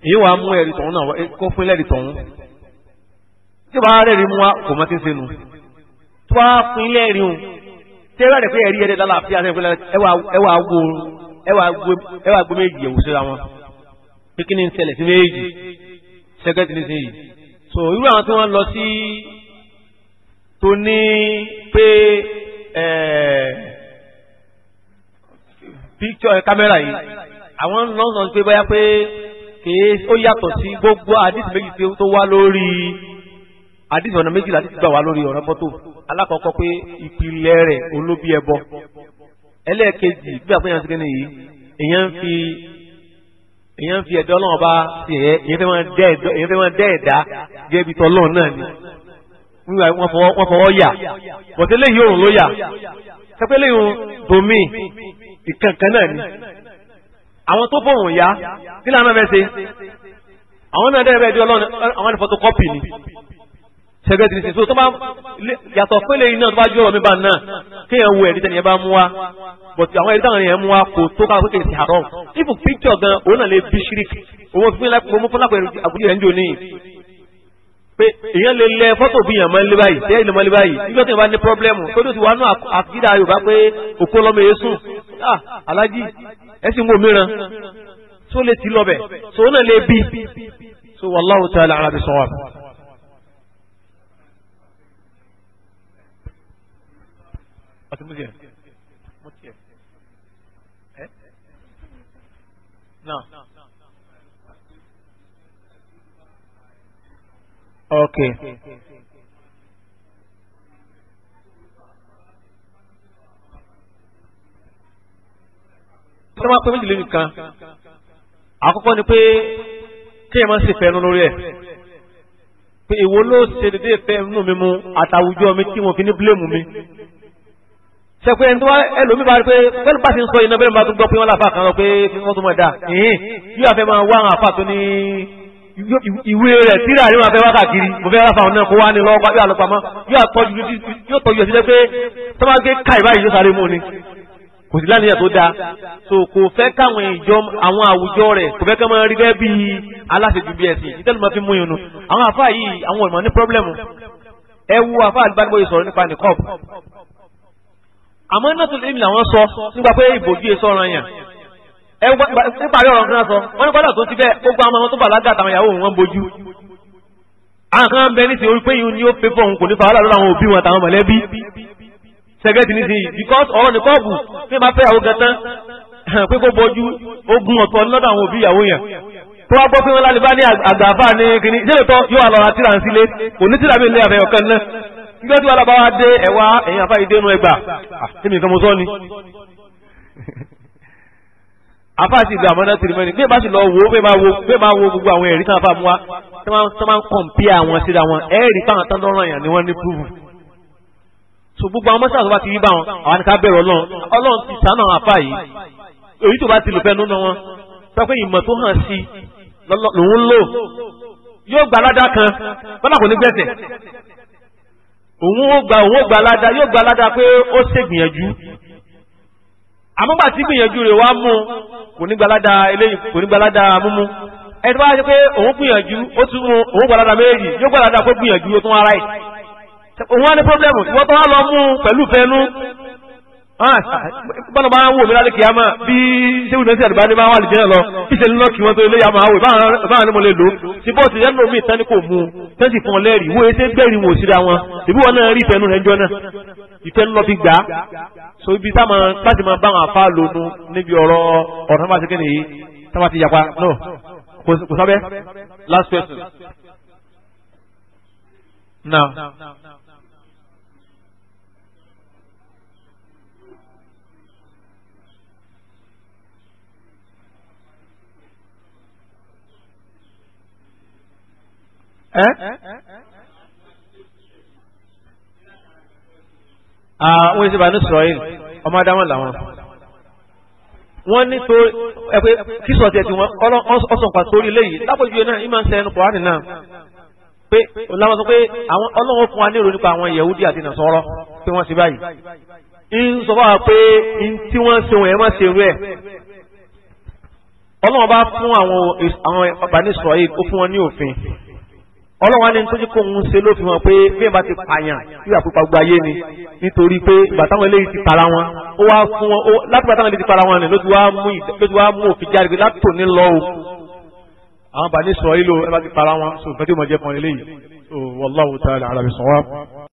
èyí wà á mú ẹ̀rí tọ̀hún náà kó fún ilẹ̀ tọ̀hún tí wàá rẹ̀ rí mú wa kò mọ́ tí ń senu tí wàá fún ilẹ̀ rí tẹ́wà rẹ̀ pé ẹ̀rí ẹ̀rẹ́ lálàáfíà sẹ́yìn pé ẹwà wo ẹwà gbé méjì ẹ̀wù síra wọn pé kí ni ń ṣẹlẹ̀ sí méjì sẹ́kẹ́tì ní sẹ́yìn so irú àwọn tí wọ́n lọ sí tó ní pé picture kámẹ́rà yìí àwọn lọ́nà pé báyà pé kèé ó yàtọ̀ sí gbogbo àdìsí méjì tó wá lórí àdìsí ọ̀nà méjìlá ti gbà wá lórí ọ̀rọ̀ mọ́tò alákọ̀ọ́kọ́ pé ìpìlẹ̀ rẹ̀ olóbi ẹbọ ẹlẹ́ẹ̀kejì bí àpéyàn ti kéde yìí èèyàn fi èèyàn fi ẹ̀dọ́ náà bá ti ẹ̀ èèyàn fẹ́ máa dẹ́ ẹ̀dá gẹ́gẹ́ bí tọ́lọ́ náà ni wọ́n fọwọ́ yà bọ̀tẹ́ lẹ́yìn òun ló yà kẹ́pẹ́ lẹ́yìn domi ìkankan náà ni àwọn tó fọ̀hún yá kí làwọn náà fẹ́ ṣe àwọn náà dẹ́rẹ́ sẹgẹtì ní sísọ tó bá yàtọ̀ pélé iná tó bá jọ ọ̀rọ̀ mi bá náà kéèyàn wo ẹ̀rí tẹ́niyẹn bá mú wa bọ̀tù àwọn ẹ̀rí táwọn èèyàn mú wa kò tó ká pé kèsì àrọ̀ ifu píkítọ̀ gan òun náà lè bí ṣíríkì òun fún mi fún lápẹ̀ àkújẹ́ rẹ̀ ń jò níyì pé èèyàn lè lẹ fọ́tò bí èèyàn máa ń lé báyìí tẹ́yìn lè máa lé báyìí nígbà tí wọ́n bá ní pọ́blẹ́mù ah alájí ẹ sì ń wo mìíràn tó lè ti lọ bẹ̀ tó náà lè ta'ala àràbí ọtí mú tiẹ̀ mú tiẹ̀ ẹ́ náà. Okay. Tí wọ́n máa pẹ́ méjìlél nìkan, àkọ́kọ́ ni pé kí ẹ máa ń ṣèfẹ́ ẹnu lórí ẹ̀. Pé èwo ló ṣe dédé ìfẹ́ ẹnu mi mu àtàwùjọ mi tí wọ́n fi ní bílẹ̀mù mi sẹ́pẹ́ ẹni tó wá ẹlòmí bá rí pé pẹ́lú bá ti ń sọ iná bẹ́ẹ̀ bá tún gbọ́ pé wọ́n láfa kan pé wọ́n tún mọ̀ dá ẹ̀hìn yóò àfẹ́ máa wá àwọn àfa tó ní ìwé rẹ̀ tíra ní wọn àfẹ́ wá káàkiri mo fẹ́ láfa àwọn náà kó wá ní lọ́wọ́ yóò àlọ́pàá mọ́ yóò tọ́jú ẹ̀sìn pé tó bá gé káì báyìí yóò sáré mú ni kò sí láníyàn tó dáa so kò fẹ́ káwọn ìjọ àwọn àwùjọ rẹ̀ kò fẹ́ ká máa rí gẹ́gẹ́ bíi aláṣejù bíi ẹ̀sìn ìtẹ́lùmọ́ fi mú yìnyín àwọn àfa yìí àwọn ìmọ̀ ní pírọ́blẹ̀mù ẹ wo àfa àgbàdìbò yìí sọ̀rọ̀ nípa nìkọ́ọ̀bù àmọ́ náà tó lè mi làwọn sọ nígbà pé ìbòjú èso ọ̀ràn yàn ẹ níparí ọ̀rọ̀ kan sọ wọ́n ní gbọ́dọ̀ tó ti bẹ́ẹ̀ gbogbo àwọn ọmọ tó bàlágà àtàwọn ìyàwó wọn bójú. àwọn kan bẹ ní ti orí pé yìí ni ó pé fún òun kò ní fa wàhálà lọ́dọ̀ àwọn òbí wọn àtàwọn mọ̀lẹ́bí sẹ́gẹ́tì ní sìn because ọ̀rọ̀ ní kọ́ọ̀bù pé máa fẹ́ ìyàwó gẹ̀tán pé kó bójú ogun ọ̀tọ̀ lọ́dọ̀ àwọn òbí ìyàwó yẹn tó wá gbọ́ pé wọ́n lálẹ́ bá ní àgbààfà ní kìnnì nígbà tí wàhálà bá wá dé ẹ̀wá ẹ̀yìn àfáà ìdénú ẹgbà ah, èmi nǹkan mo sọ ni àfáà sì gbà mọ́dá tìrìmọ́ ni bí ẹ bá sì lọ wo bí ẹ bá wo bí ẹ bá wo gbogbo àwọn ẹ̀rí táwọn àfáà mú wa tó máa ń kọ̀m̀pìà wọn síra wọn ẹ̀rí táwọn tán lọ́rọ̀ yàn ni wọ́n ní púrúfù so gbogbo àwọn mọ́sáàsì wa ti rí bá wọn àwọn àti ká bẹ̀rù ọlọ́run ọlọ́run ti sànà àwọn àfáà yìí èyí tó bá ti lò fẹ́nu wọn sọ pé ìmọ̀ tó hàn sí lòun lò yóò gbà ládàá kan bọ́lá kò ní gbẹ̀sẹ̀ òun ó gba òun ó gba aládá yóò gba aládá pé ó ṣègbìyànjú àmọ́gbà tí gbìyànjú rẹ̀ wá mú kò ní gba aládá eléyìí kò ní gba aládá múmú ẹni tó bá ṣe pé òun gbìyànjú ó tún mú òun gba aládá méjì yóò gba aládá pé gbìyànjú ó tún ara ẹ̀ òun á ní pọ́blẹ́mù ìwọ́n tó wá lọ mú pẹ̀lú fẹ́nu bọ́lá máa ń wò mí lálẹ́ kìyàmá bí sẹ́wọ̀n náà sí àdìbá ní máa wà lìjẹ́ lọ bí sẹ́ni náà kí wọ́n tó ilé yà máa wò báwọn ni mo lè lò ó ti bọ́ọ̀sì yẹn lómi ìtàn ni kò mú un tẹ́sí fún ọ lẹ́rìí wo ẹsẹ̀ gbẹ̀rì wò síra wọn ìbí wọn náà rí ìfẹ́nu rẹ̀ jọ náà ìfẹ́nu lọ fi gbà á so ibi táwọn láti máa bá wọn àfa lónú níbi ọ̀rọ̀ ọ̀rọ̀ náà bá ti ẹ́ àwọn ìṣèbà ní Israel ọmọ adáwọn làwọn wọ́n ní tó ẹgbẹ́ kíso tiẹ̀ tí wọ́n ọ̀sọ̀npa torí léyìí lápòjú yẹn náà ìmọ̀ ń sẹ́nu kọ́ àdìnnà pé làwọn sọ pé àwọn ọlọ́wọ́ fún wa ní ìròyìn nípa àwọn Yahudi àti Nasara pé wọ́n ṣe báyìí ń sọ fún wa pé tí wọ́n ṣe wọ̀nyẹn má ṣe rẹ̀ ọlọ́wọ́ bá fún àwọn Bani Israel ó fún wọn ní òfin ọlọ́wọ́n ní nítorí kó ń ṣe ló fi hàn pé bí ẹ̀ bá ti pààyàn yóò àpòpá gbogbo ayé ni nítorí pé bàtàwọn eléyìí ti para wọn ó wá fún wọn ó láti bàtàwọn eléyìí ti para wọn ni ló ti wá mú ló ti wá mú òfin jáde pé látò ní lọ o àwọn bàní sọ yìí ló ẹ bá ti para wọn so nǹkan tí mo jẹ fún eléyìí so wallahu ta'ala ala bisawab.